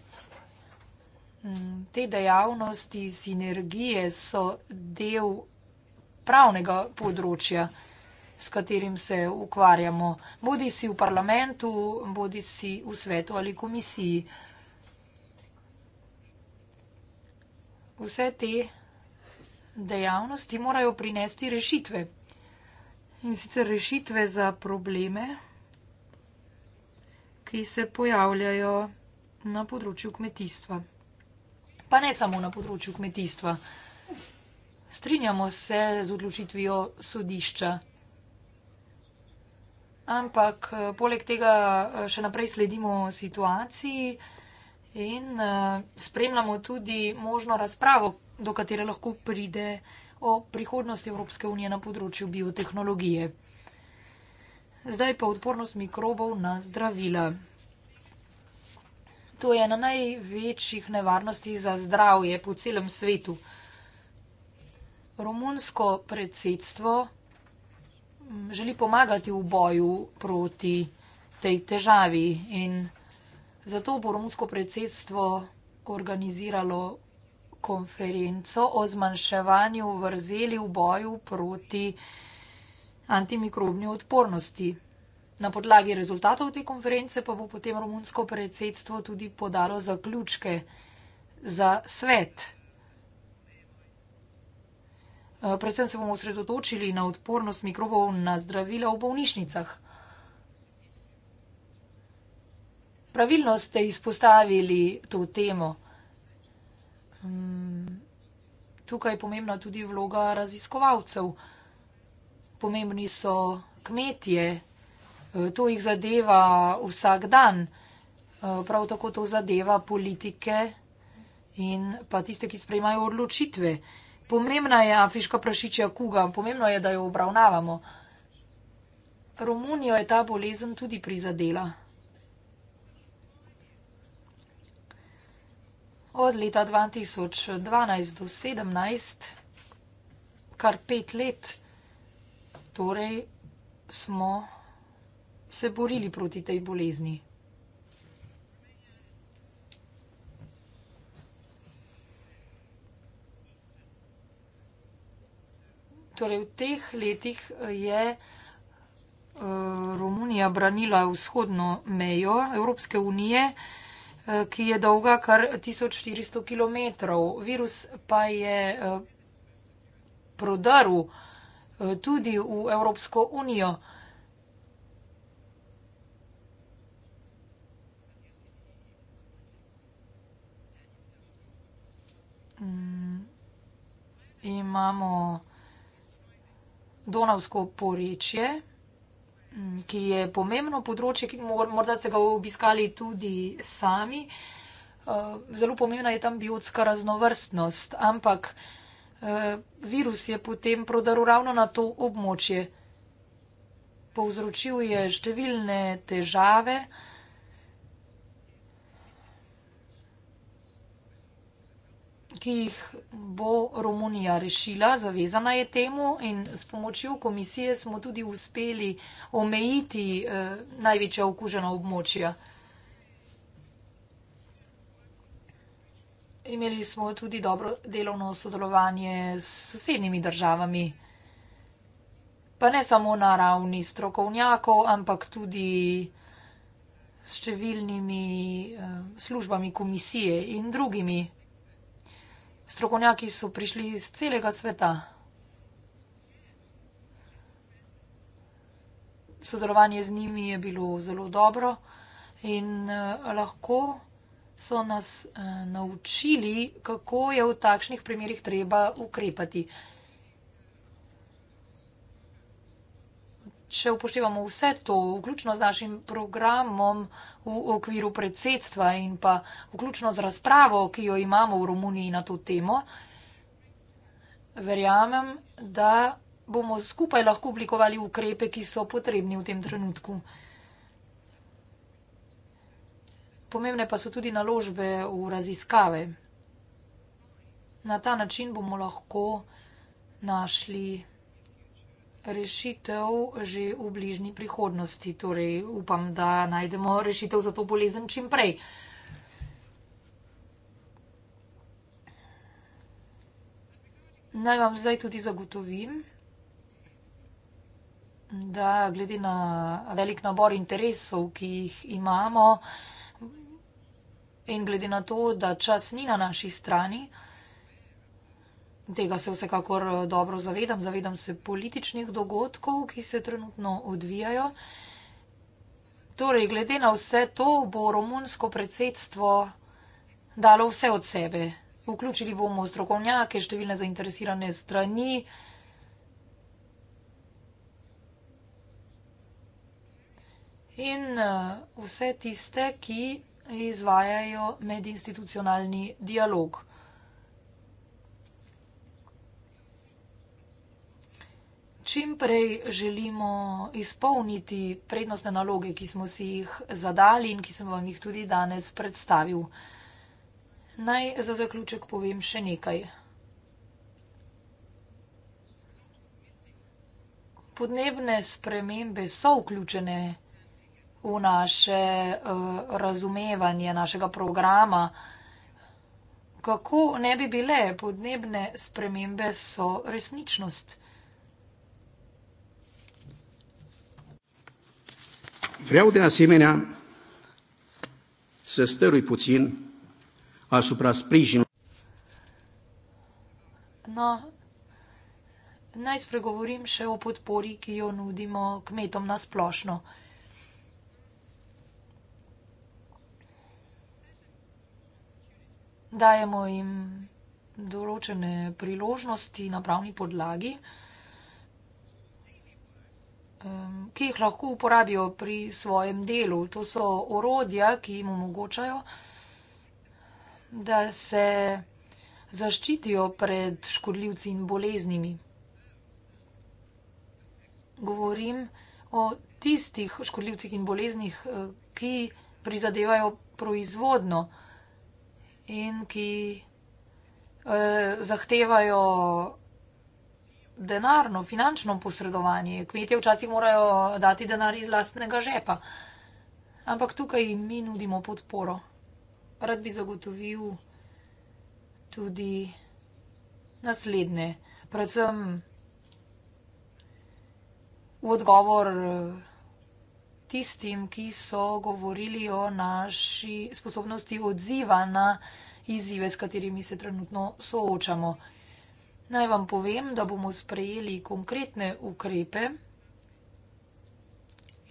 Mm, te dejavnosti sinergije so del pravnega področja s katerim se ukvarjamo, bodi si v parlamentu, bodi si v svetu ali komisiji. Vse te dejavnosti morajo prinesti rešitve. In sicer rešitve za probleme, ki se pojavljajo na področju kmetijstva. Pa ne samo na področju kmetijstva. Strinjamo se z odločitvijo sodišča. Ampak eh, poleg tega eh, še naprej sledimo situaciji in eh, spremljamo tudi možno razpravo, do katere lahko pride o prihodnosti Evropske unije na področju biotehnologije. Zdaj pa odpornost mikrobov na zdravila. To je ena največjih nevarnosti za zdravje po celem svetu. Romunsko predsedstvo želi pomagati v boju proti tej težavi. In zato bo romsko predsedstvo organiziralo konferenco o zmanjševanju vrzeli v boju proti antimikrobni odpornosti. Na podlagi rezultatov te konference pa bo potem romunsko predsedstvo tudi podalo zaključke za svet. Eh, predvsem se bomo osredotočili na odpornost mikrobov na zdravila v bolnišnicah. Pravilno ste izpostavili to temo. Mm, tukaj je pomembna tudi vloga raziskovalcev. Pomembni so kmetje, eh, to jih zadeva vsak dan, eh, prav tako to zadeva politike in pa tiste, ki sprejmajo odločitve. Pomembna je afriška prašičja kuga, pomembno je, da jo obravnavamo. Romunijo je ta bolezen tudi prizadela. Od leta 2012 do 2017, kar pet let, torej smo se borili proti tej bolezni. torej v teh letih eh, je eh, Romunija branila vzhodno mejo Evropske unije, eh, ki je dolga kar 1400 km. Virus pa je prodaril tudi v Evropsko unijo. Mm, imamo Donavsko porečje, mm, ki je pomembno področje, ki morda ste ga obiskali tudi sami. Eh, zelo pomembna je tam biotska raznovrstnost, ampak eh, virus je potem prodaril ravno na to območje. Povzročil je številne težave, ki jih bo Romunija rešila, zavezana je temu in s pomočjo komisije smo tudi uspeli omejiti eh, največja okužena območja. Imeli smo tudi dobro delovno sodelovanje s sosednjimi državami, pa ne samo na ravni strokovnjakov, ampak tudi s številnimi eh, službami komisije in drugimi državami strokovnjaki so prišli iz celega sveta. Sodelovanje z njimi je bilo zelo dobro in eh, lahko so nas eh, naučili, kako je v takšnih primerih treba ukrepati. če upoštevamo vse to, vključno z našim programom v okviru predsedstva in pa vključno z razpravo, ki jo imamo v Romuniji na to temo, verjamem, da bomo skupaj lahko oblikovali ukrepe, ki so potrebni v tem trenutku. Pomembne pa so tudi naložbe v raziskave. Na ta način bomo lahko našli rešitev že v bližnji prihodnosti. Torej, upam, da najdemo rešitev za to bolezen čim prej. Naj vam zdaj tudi zagotovim, da glede na velik nabor interesov, ki jih imamo, in glede na to, da čas ni na naši strani, Tega se vsekakor eh, dobro zavedam, zavedam se političnih dogodkov, ki se trenutno odvijajo. Torej, glede na vse to bo romunsko predsedstvo dalo vse od sebe. Vključili bomo strokovnjake, številne zainteresirane strani. In eh, vse tiste, ki izvajajo medinstitucionalni dialog. čim prej želimo izpolniti prednostne naloge, ki smo si jih zadali in ki sem vam jih tudi danes predstavil. Naj za zaključek povem še nekaj. Podnebne spremembe so vključene v naše uh, razumevanje našega programa. Kako ne bi bile podnebne spremembe, so resničnost. Vreau de asemenea să stărui puțin asupra sprijinului. No. Najspregovorim še o podpori, ki jo nudimo kmetom na splošno. Dajemo jim določene priložnosti na pravni podlagi. Um, ki jih lahko uporabijo pri svojem delu. To so orodja, ki jim omogočajo, da se zaščitijo pred škodljivci in boleznimi. Govorim o tistih škodljivcih in boleznih, uh, ki prizadevajo proizvodno in ki eh, zahtevajo denarno, finančno posredovanje. Kmetje včasih morajo dati denar iz lastnega žepa. Ampak tukaj mi nudimo podporo. Rad bi zagotovil tudi naslednje. Predvsem v odgovor tistim, ki so govorili o naši sposobnosti odziva na izzive, s katerimi se trenutno soočamo. Naj vam povem, da bomo sprejeli konkretne ukrepe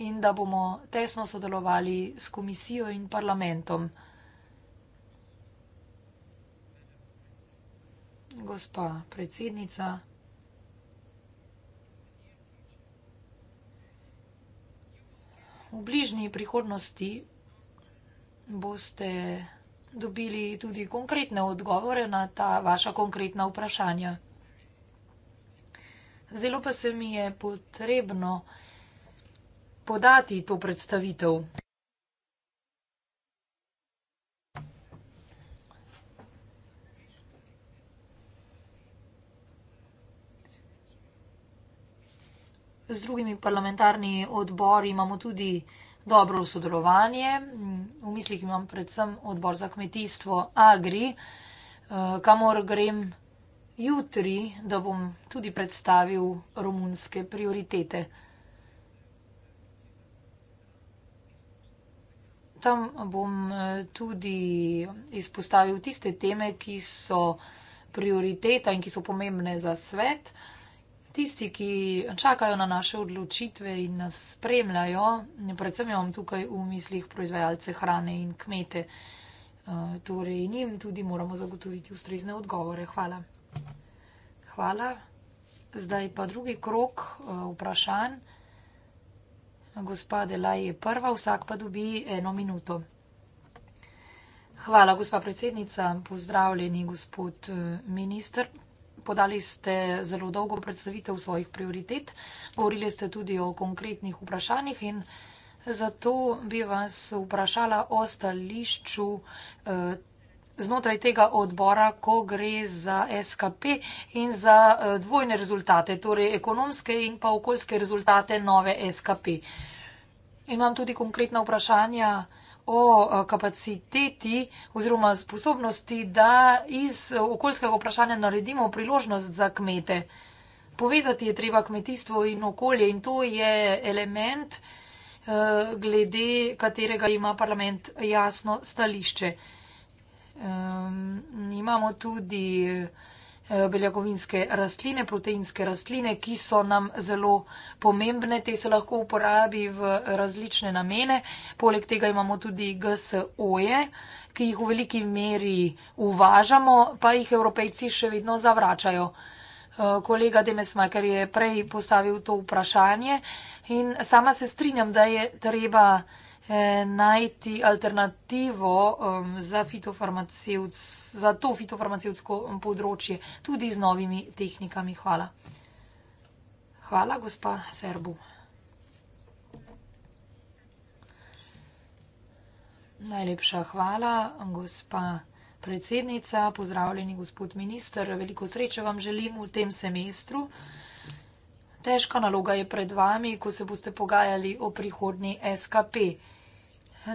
in da bomo tesno sodelovali s komisijo in parlamentom. Gospa predsednica, v bližnji prihodnosti boste dobili tudi konkretne odgovore na ta vaša konkretna vprašanja. Zelo pa se mi je potrebno podati to predstavitev. Z drugimi parlamentarni odbori imamo tudi dobro sodelovanje. V mislih imam predvsem odbor za kmetijstvo Agri, eh, kamor grem vsega jutri, da bom tudi predstavil romunske prioritete. Tam bom eh, tudi izpostavil tiste teme, ki so prioriteta in ki so pomembne za svet. Tisti, ki čakajo na naše odločitve in nas spremljajo, predvsem imam tukaj v mislih proizvajalce hrane in kmete, eh, torej njim tudi moramo zagotoviti ustrezne odgovore. Hvala. Hvala. Zdaj pa drugi krok eh, vprašanj. Gospa Dela je prva, vsak pa dobi eno minuto. Hvala, gospa predsednica. Pozdravljeni, gospod eh, minister. Podali ste zelo dolgo predstavitev svojih prioritet, govorili ste tudi o konkretnih vprašanjih in zato bi vas vprašala o stališču. Eh, znotraj tega odbora, ko gre za SKP in za eh, dvojne rezultate, torej ekonomske in pa okoljske rezultate nove SKP. Imam tudi konkretna vprašanja o eh, kapaciteti oziroma sposobnosti, da iz eh, okoljskega vprašanja naredimo priložnost za kmete. Povezati je treba kmetijstvo in okolje in to je element, glede katerega ima parlament jasno stališče. Imamo tudi eh, beljakovinske rastline, proteinske rastline, ki so nam zelo pomembne. Te se lahko uporabi v različne namene. Poleg tega imamo tudi GSO-je, ki jih v veliki meri uvažamo, pa jih evropejci še vedno zavračajo. Eh, kolega Demesmaker je prej postavil to vprašanje in sama se strinjam, da je treba. Eh, najti alternativo um, za, za to fitofarmacevtsko področje, tudi z novimi tehnikami. Hvala. Hvala, gospa Serbu. Najlepša hvala, gospa predsednica, pozdravljeni gospod minister, veliko sreče vam želim v tem semestru. Težka naloga je pred vami, ko se boste pogajali o prihodnji SKP.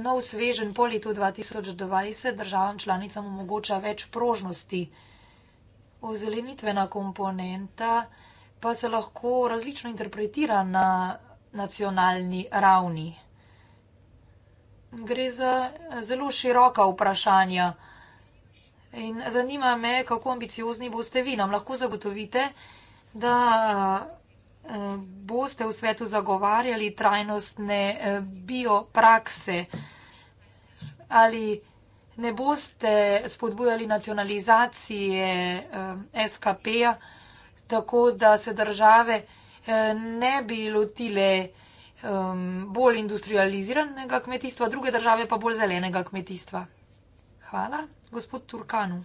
Nov svežen po letu 2020 državam članicam omogoča več prožnosti. Ozelenitvena komponenta pa se lahko različno interpretira na nacionalni ravni. Gre za zelo široka vprašanja. In zanima me, kako ambiciozni boste vi. Nam lahko zagotovite, da boste v svetu zagovarjali trajnostne eh, bioprakse? Ali ne boste spodbujali nacionalizacije eh, SKP-ja, tako da se države eh, ne bi lotile ehm, bolj industrializiranega kmetijstva, druge države pa bolj zelenega kmetijstva? Hvala. Gospod Turkanu.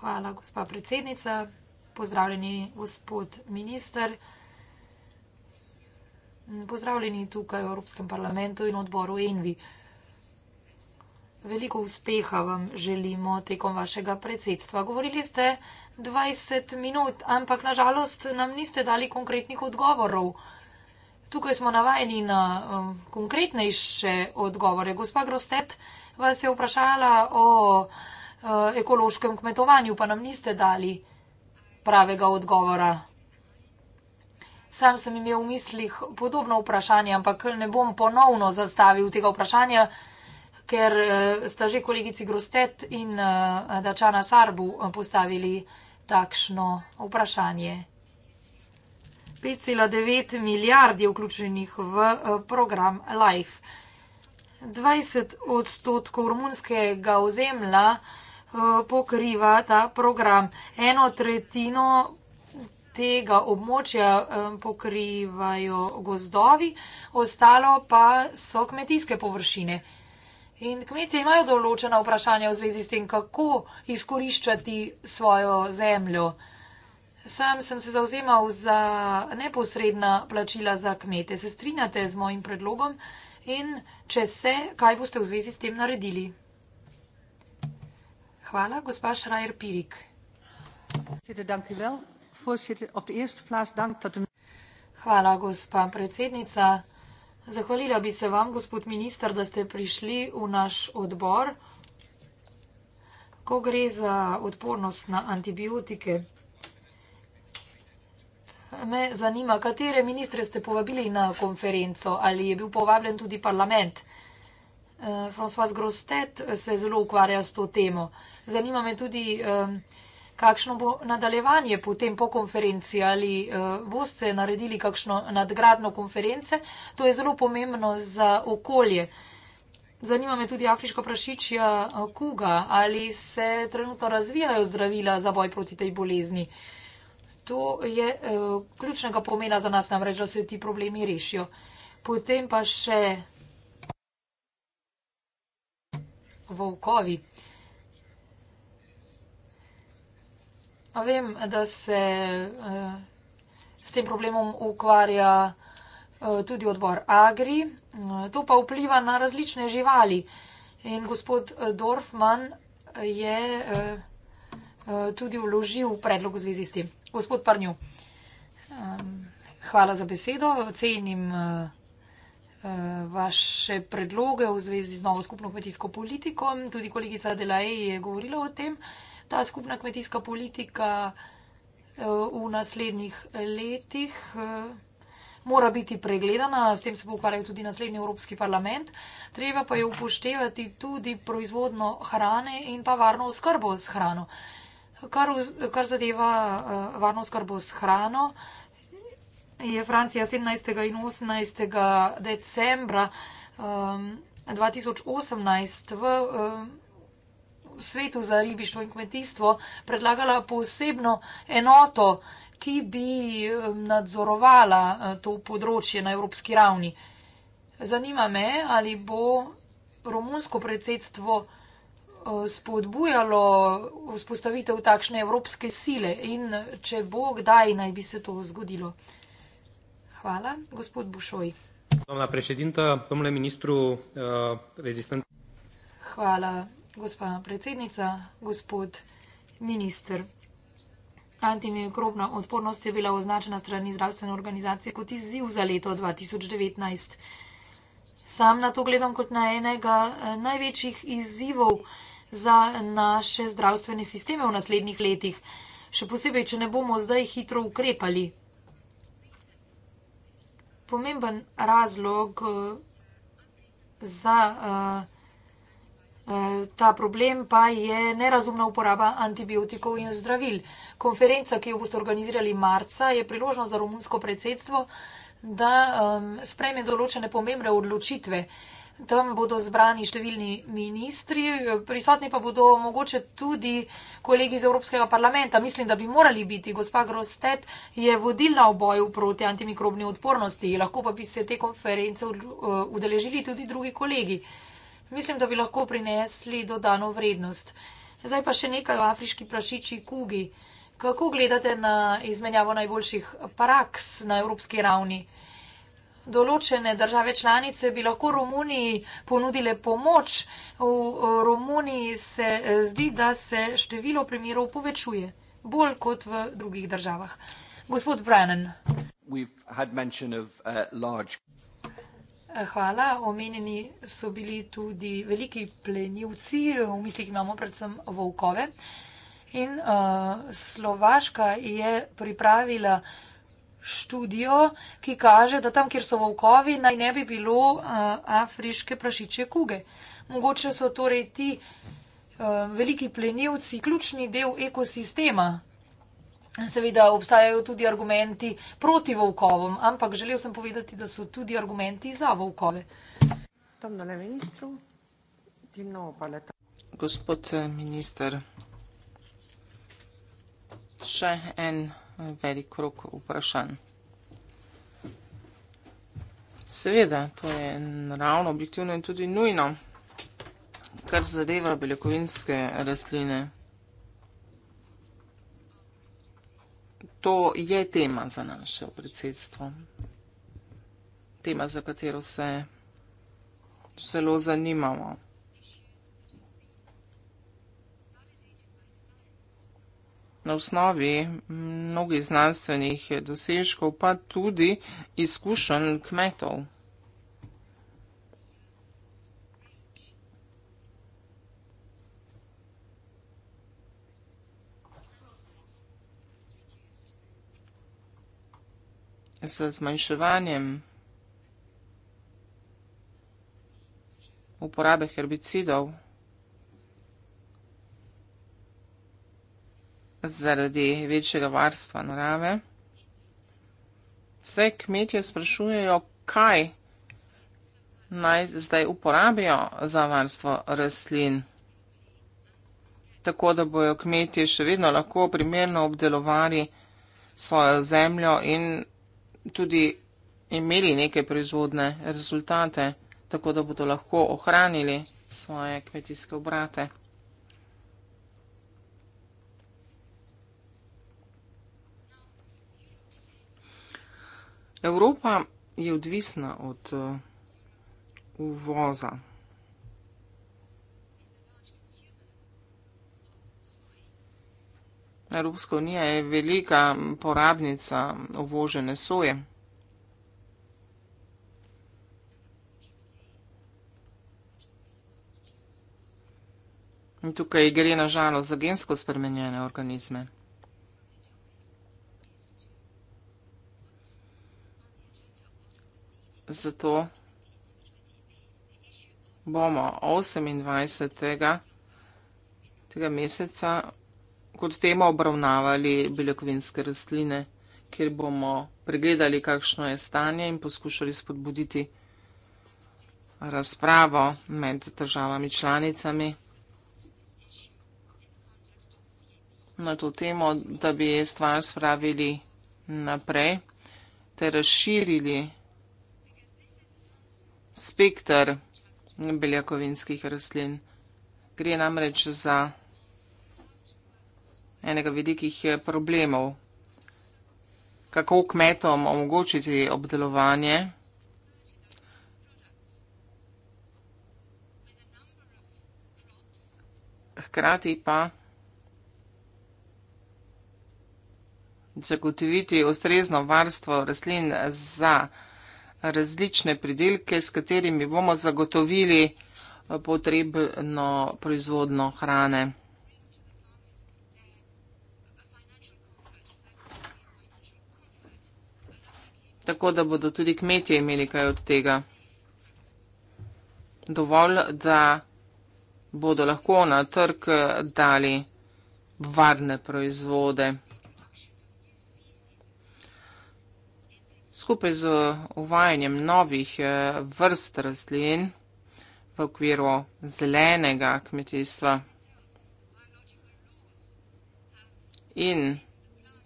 Hvala, gospa predsednica. Pozdravljeni, gospod minister. Pozdravljeni tukaj v Evropskem parlamentu in odboru Envi. Veliko uspeha vam želimo tekom vašega predsedstva. Govorili ste 20 minut, ampak nažalost nam niste dali konkretnih odgovorov. Tukaj smo navajeni na um, konkretnejše odgovore. Gospa Grostet vas je vprašala o. Eh, ekološkem kmetovanju, pa nam niste dali pravega odgovora. Sam sem imel v mislih podobno vprašanje, ampak ne bom ponovno zastavil tega vprašanja, ker eh, sta že kolegici Grostet in eh, Dačana Sarbu postavili takšno vprašanje. 5,9 milijard je vključenih v program LIFE. 20 odstotkov rumunskega ozemlja Eh, pokriva ta program. Eno tretjino tega območja eh, pokrivajo gozdovi, ostalo pa so kmetijske površine. In kmetje imajo določena vprašanja v zvezi s tem, kako izkoriščati svojo zemljo. Sam sem se zauzemal za neposredna plačila za kmete. Se strinjate z mojim predlogom in če se, kaj boste v zvezi s tem naredili? Hvala. Gospa Schreier Pirik. Hvala, gospa predsednica. Zahvalila bi se vam, gospod minister, da ste prišli v naš odbor. Ko gre za odpornost na antibiotike, me zanima, katere ministre ste povabili na konferenco, ali je bil povabljen tudi parlament. Uh, François Grostet eh, se zelo ukvarja s to temo. Zanima me tudi, um, kakšno bo nadaljevanje potem po konferenci ali uh, boste naredili kakšno nadgradno konference. To je zelo pomembno za okolje. Zanima me tudi afriška prašičja kuga, ali se trenutno razvijajo zdravila za boj proti tej bolezni. To je uh, ključnega pomena za nas, namreč, da se ti problemi rešijo. Potem pa še volkovi. Vem, da se eh, s tem problemom ukvarja eh, tudi odbor Agri. Eh, to pa vpliva na različne živali. In gospod Dorfman je tudi vložil predlog v zvezi s tem. Gospod Parnju, hvala za besedo. Cenim. Eh, vaše predloge v zvezi z novo skupno kmetijsko politiko. Tudi kolegica Delaej je govorila o tem. Ta skupna kmetijska politika eh, v naslednjih letih eh, mora biti pregledana, s tem se bo ukvarjal tudi naslednji Evropski parlament. Treba pa je upoštevati tudi proizvodno hrane in pa varno skrbo s hrano. Kar, kar zadeva varno skrbo s hrano, je Francija 17. in 18. decembra um, 2018 v um, svetu za ribištvo in kmetijstvo predlagala posebno enoto, ki bi um, nadzorovala uh, to področje na evropski ravni. Zanima me, ali bo romunsko predsedstvo uh, spodbujalo vzpostavitev takšne evropske sile in če bo, kdaj naj bi se to zgodilo. Hvala. Gospod Bušoj. Hvala, predsednica, domne ministru uh, rezistence. Hvala, gospa predsednica, gospod minister. Antimikrobna odpornost je bila označena strani zdravstvene organizacije kot izziv za leto 2019. Sam na to gledam kot na enega eh, največjih izzivov za naše zdravstvene sisteme v naslednjih letih, še posebej, če ne bomo zdaj hitro ukrepali pomemben razlog eh, za eh, eh, ta problem pa je nerazumna uporaba antibiotikov in zdravil. Konferenca, ki jo boste organizirali marca, je priložnost za romunsko predsedstvo, da ehm, sprejme določene pomembne odločitve. Tam bodo zbrani številni ministri, prisotni pa bodo mogoče tudi kolegi iz Evropskega parlamenta. Mislim, da bi morali biti. Gospa Grostet je vodilna v boju proti antimikrobni odpornosti, lahko pa bi se te konference eh, udeležili tudi drugi kolegi. Mislim, da bi lahko prinesli dodano vrednost. Zdaj pa še nekaj o afriški prašiči kugi. Kako gledate na izmenjavo najboljših praks na evropski ravni? Določene države članice bi lahko Romuniji ponudile pomoč. V eh, Romuniji se eh, zdi, da se število primerov povečuje, bolj kot v drugih državah. Gospod Brannan. Uh, eh, hvala. Omenjeni so bili tudi veliki plenilci, v mislih imamo predvsem volkove. In uh, Slovaška je pripravila uh, študijo, ki kaže, da tam, kjer so volkovi, naj ne bi bilo uh, afriške prašičje kuge. Mogoče so torej ti uh, veliki plenilci ključni del ekosistema. Seveda obstajajo tudi argumenti proti volkovom, ampak želel sem povedati, da so tudi argumenti za volkove. Gospod eh, minister, še en velik krok vprašanj. Seveda, to je naravno, objektivno in tudi nujno, kar zadeva beljakovinske rastline. To je tema za naše predsedstvo. Tema, za katero se zelo zanimamo. na osnovi mnogih znanstvenih dosežkov, pa tudi izkušenj kmetov. Z zmanjševanjem uporabe herbicidov. zaradi večjega varstva narave. Vse kmetje sprašujejo, kaj naj zdaj uporabijo za varstvo rastlin, tako da bojo kmetje še vedno lahko primerno obdelovali svojo zemljo in tudi imeli neke proizvodne rezultate, tako da bodo lahko ohranili svoje kmetijske obrate. Evropa je odvisna od uh, uvoza. Evropska unija je velika porabnica uvožene soje. In tukaj gre na žalost za gensko spremenjene organizme. zato bomo 28. tega meseca kot temo obravnavali beljakovinske rastline, kjer bomo pregledali, kakšno je stanje in poskušali spodbuditi razpravo med državami članicami na to temo, da bi stvar spravili naprej ter razširili spektr beljakovinskih rastlin. Gre namreč za enega velikih eh, problemov, kako kmetom omogočiti obdelovanje Hkrati pa zagotoviti ustrezno varstvo rastlin za kmetijstvo različne pridelke, s katerimi bomo zagotovili eh, potrebno proizvodno hrane. Tako da bodo tudi kmetje imeli kaj od tega. Dovolj, da bodo lahko na trg dali varne proizvode. skupaj z uvajanjem novih eh, vrst rastlin v okviru zelenega kmetijstva in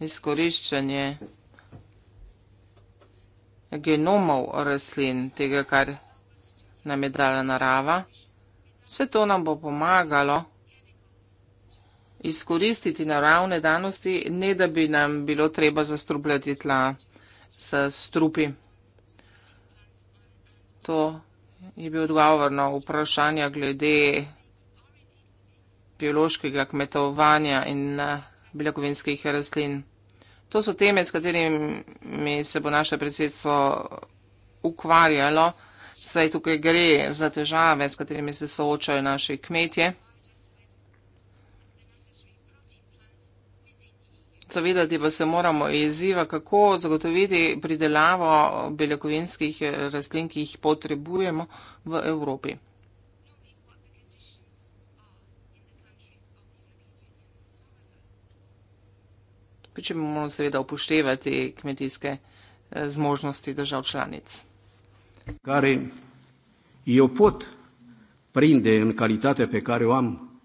izkoriščanje genomov rastlin, tega, kar nam je dala narava, vse to nam bo pomagalo izkoristiti naravne danosti, ne da bi nam bilo treba zastrubljati tla s strupi. To je bil odgovor na vprašanje glede biološkega kmetovanja in eh, beljakovinskih rastlin. To so teme, s katerimi se bo naše predsedstvo ukvarjalo, saj tukaj gre za težave, s katerimi se soočajo naši kmetje. Zavedati pa se moramo izziva, kako zagotoviti pridelavo beljakovinskih rastlin, ki jih potrebujemo v Evropi. Če bomo seveda upoštevati kmetijske eh, zmožnosti držav članic. Kar je pot prinde in kvalitete, pe kar jo imam,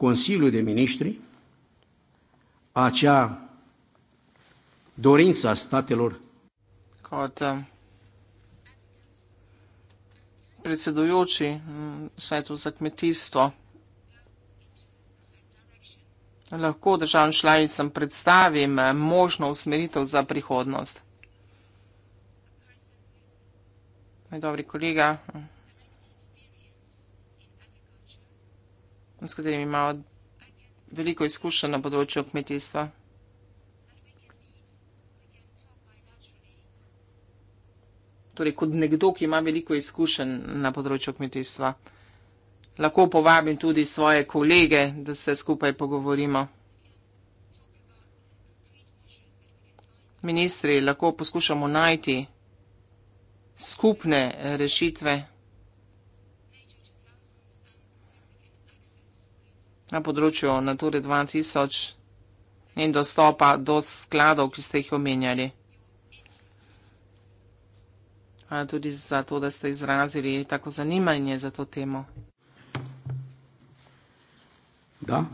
Consiliul de Ministri acea dorință a statelor Cota. Eh, predsedujoči mm, svetu za kmetijstvo. Lahko državnim članicam predstavim eh, možno usmeritev za prihodnost. Moj dobri kolega, s katerimi imamo veliko izkušenj na področju kmetijstva. Torej, kot nekdo, ki ima veliko izkušenj na področju kmetijstva, lahko povabim tudi svoje kolege, da se skupaj pogovorimo. Ministri, lahko poskušamo najti skupne rešitve. na področju Nature 2000 in dostopa do skladov, ki ste jih omenjali. Hvala tudi za to, da ste izrazili tako zanimanje za to temo. Da.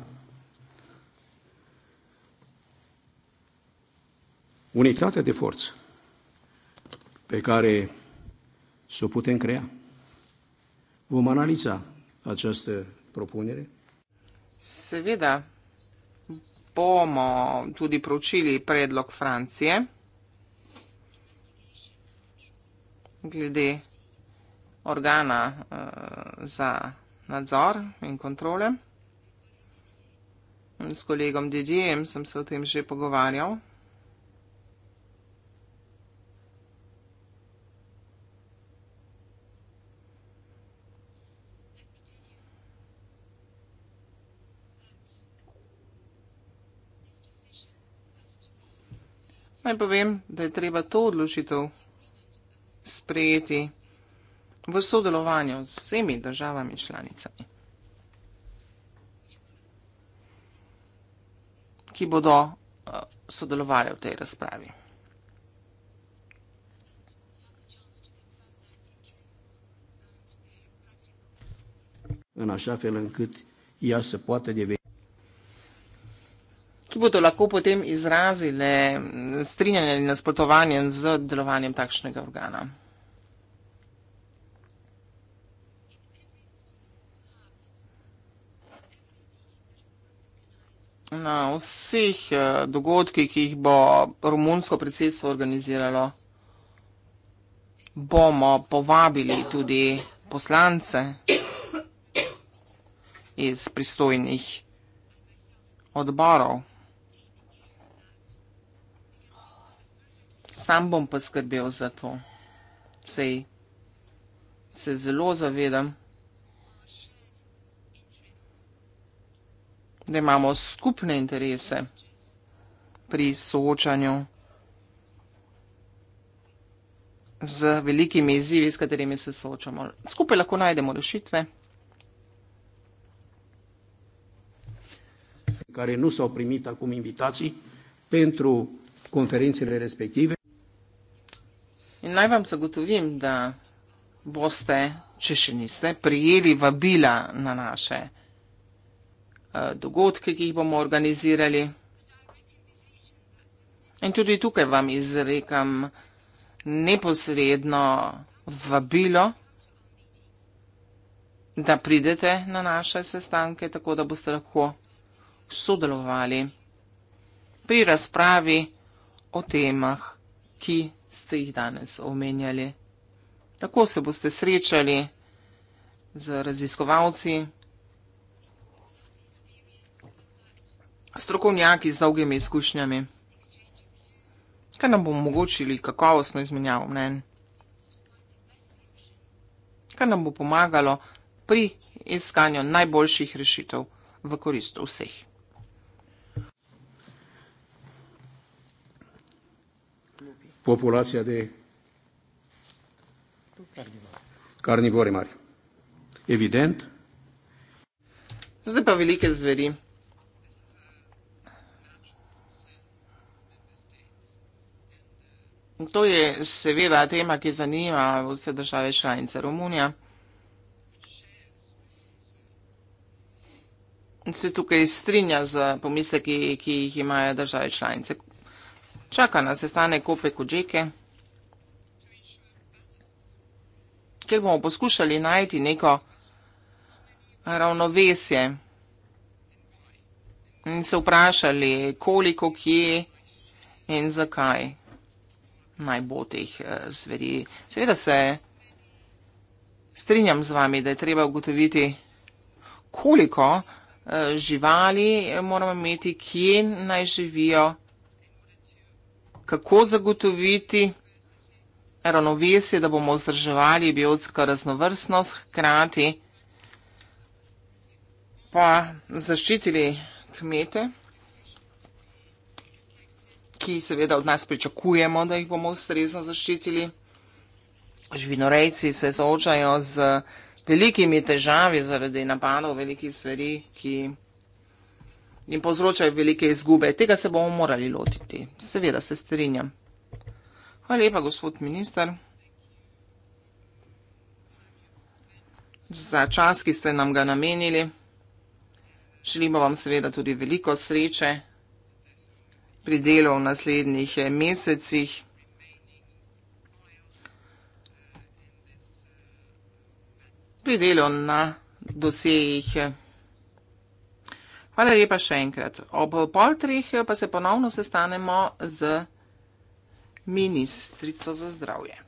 Unitate de forță pe care s-o putem crea. Vom analiza această propunere. Seveda bomo tudi pročili predlog Francije glede organa eh, za nadzor in kontrole. S kolegom Didijem sem se o tem že pogovarjal. Naj povem, da je treba to odločitev sprejeti v sodelovanju z vsemi državami članicami, ki bodo eh, sodelovali v tej razpravi. în așa fel încât ea se poate deveni ki bodo lahko potem izrazile strinjanje ali nasprotovanje z delovanjem takšnega organa. Na vseh eh, dogodkih, ki jih bo romunsko predsedstvo organiziralo, bomo povabili tudi poslance iz pristojnih odborov. sam bom poskrbel za to. Sej se zelo zavedam, da imamo skupne interese pri soočanju z velikimi izzivi, s katerimi se soočamo. Skupaj lahko najdemo rešitve. care nu s-au primit acum invitații pentru conferințele respective. In naj vam zagotovim, da boste, če še niste, prijeli vabila na naše eh, dogodke, ki jih bomo organizirali. In tudi tukaj vam izrekam neposredno vabilo, da pridete na naše sestanke, tako da boste lahko sodelovali pri razpravi o temah, ki ste jih danes omenjali. Tako se boste srečali z raziskovalci, strokovnjaki z dolgimi izkušnjami, kar nam bo omogočili kakovostno izmenjavo mnenj, kar nam bo pomagalo pri iskanju najboljših rešitev v korist vseh. populația de carnivori mari. Evident. Zdaj pa velike zveri. To je seveda tema, ki zanima vse države članice Romunija. Se tukaj strinja z pomisleki, ki jih imajo države članice čaka na sestanek kope kođeke, kjer bomo poskušali najti neko ravnovesje in se vprašali, koliko kje in zakaj naj bo teh eh, zveri. Seveda se strinjam z vami, da je treba ugotoviti, koliko eh, živali moramo imeti, kje naj živijo vsega kako zagotoviti ravnovesje, da bomo vzdrževali biotsko raznovrstnost, hkrati pa zaščitili kmete, ki seveda od nas pričakujemo, da jih bomo ustrezno zaščitili. Živinorejci se soočajo z velikimi težavi zaradi napadov velikih sveri, ki jih in povzročajo velike izgube. Tega se bomo morali lotiti. Seveda se strinjam. Hvala lepa, gospod minister, za čas, ki ste nam ga namenili. Želimo vam seveda tudi veliko sreče pri delu v naslednjih eh, mesecih. Pri delu na dosejih mesecih. Hvala lepa še enkrat. Ob pol treh pa se ponovno sestanemo z ministrico za zdravje.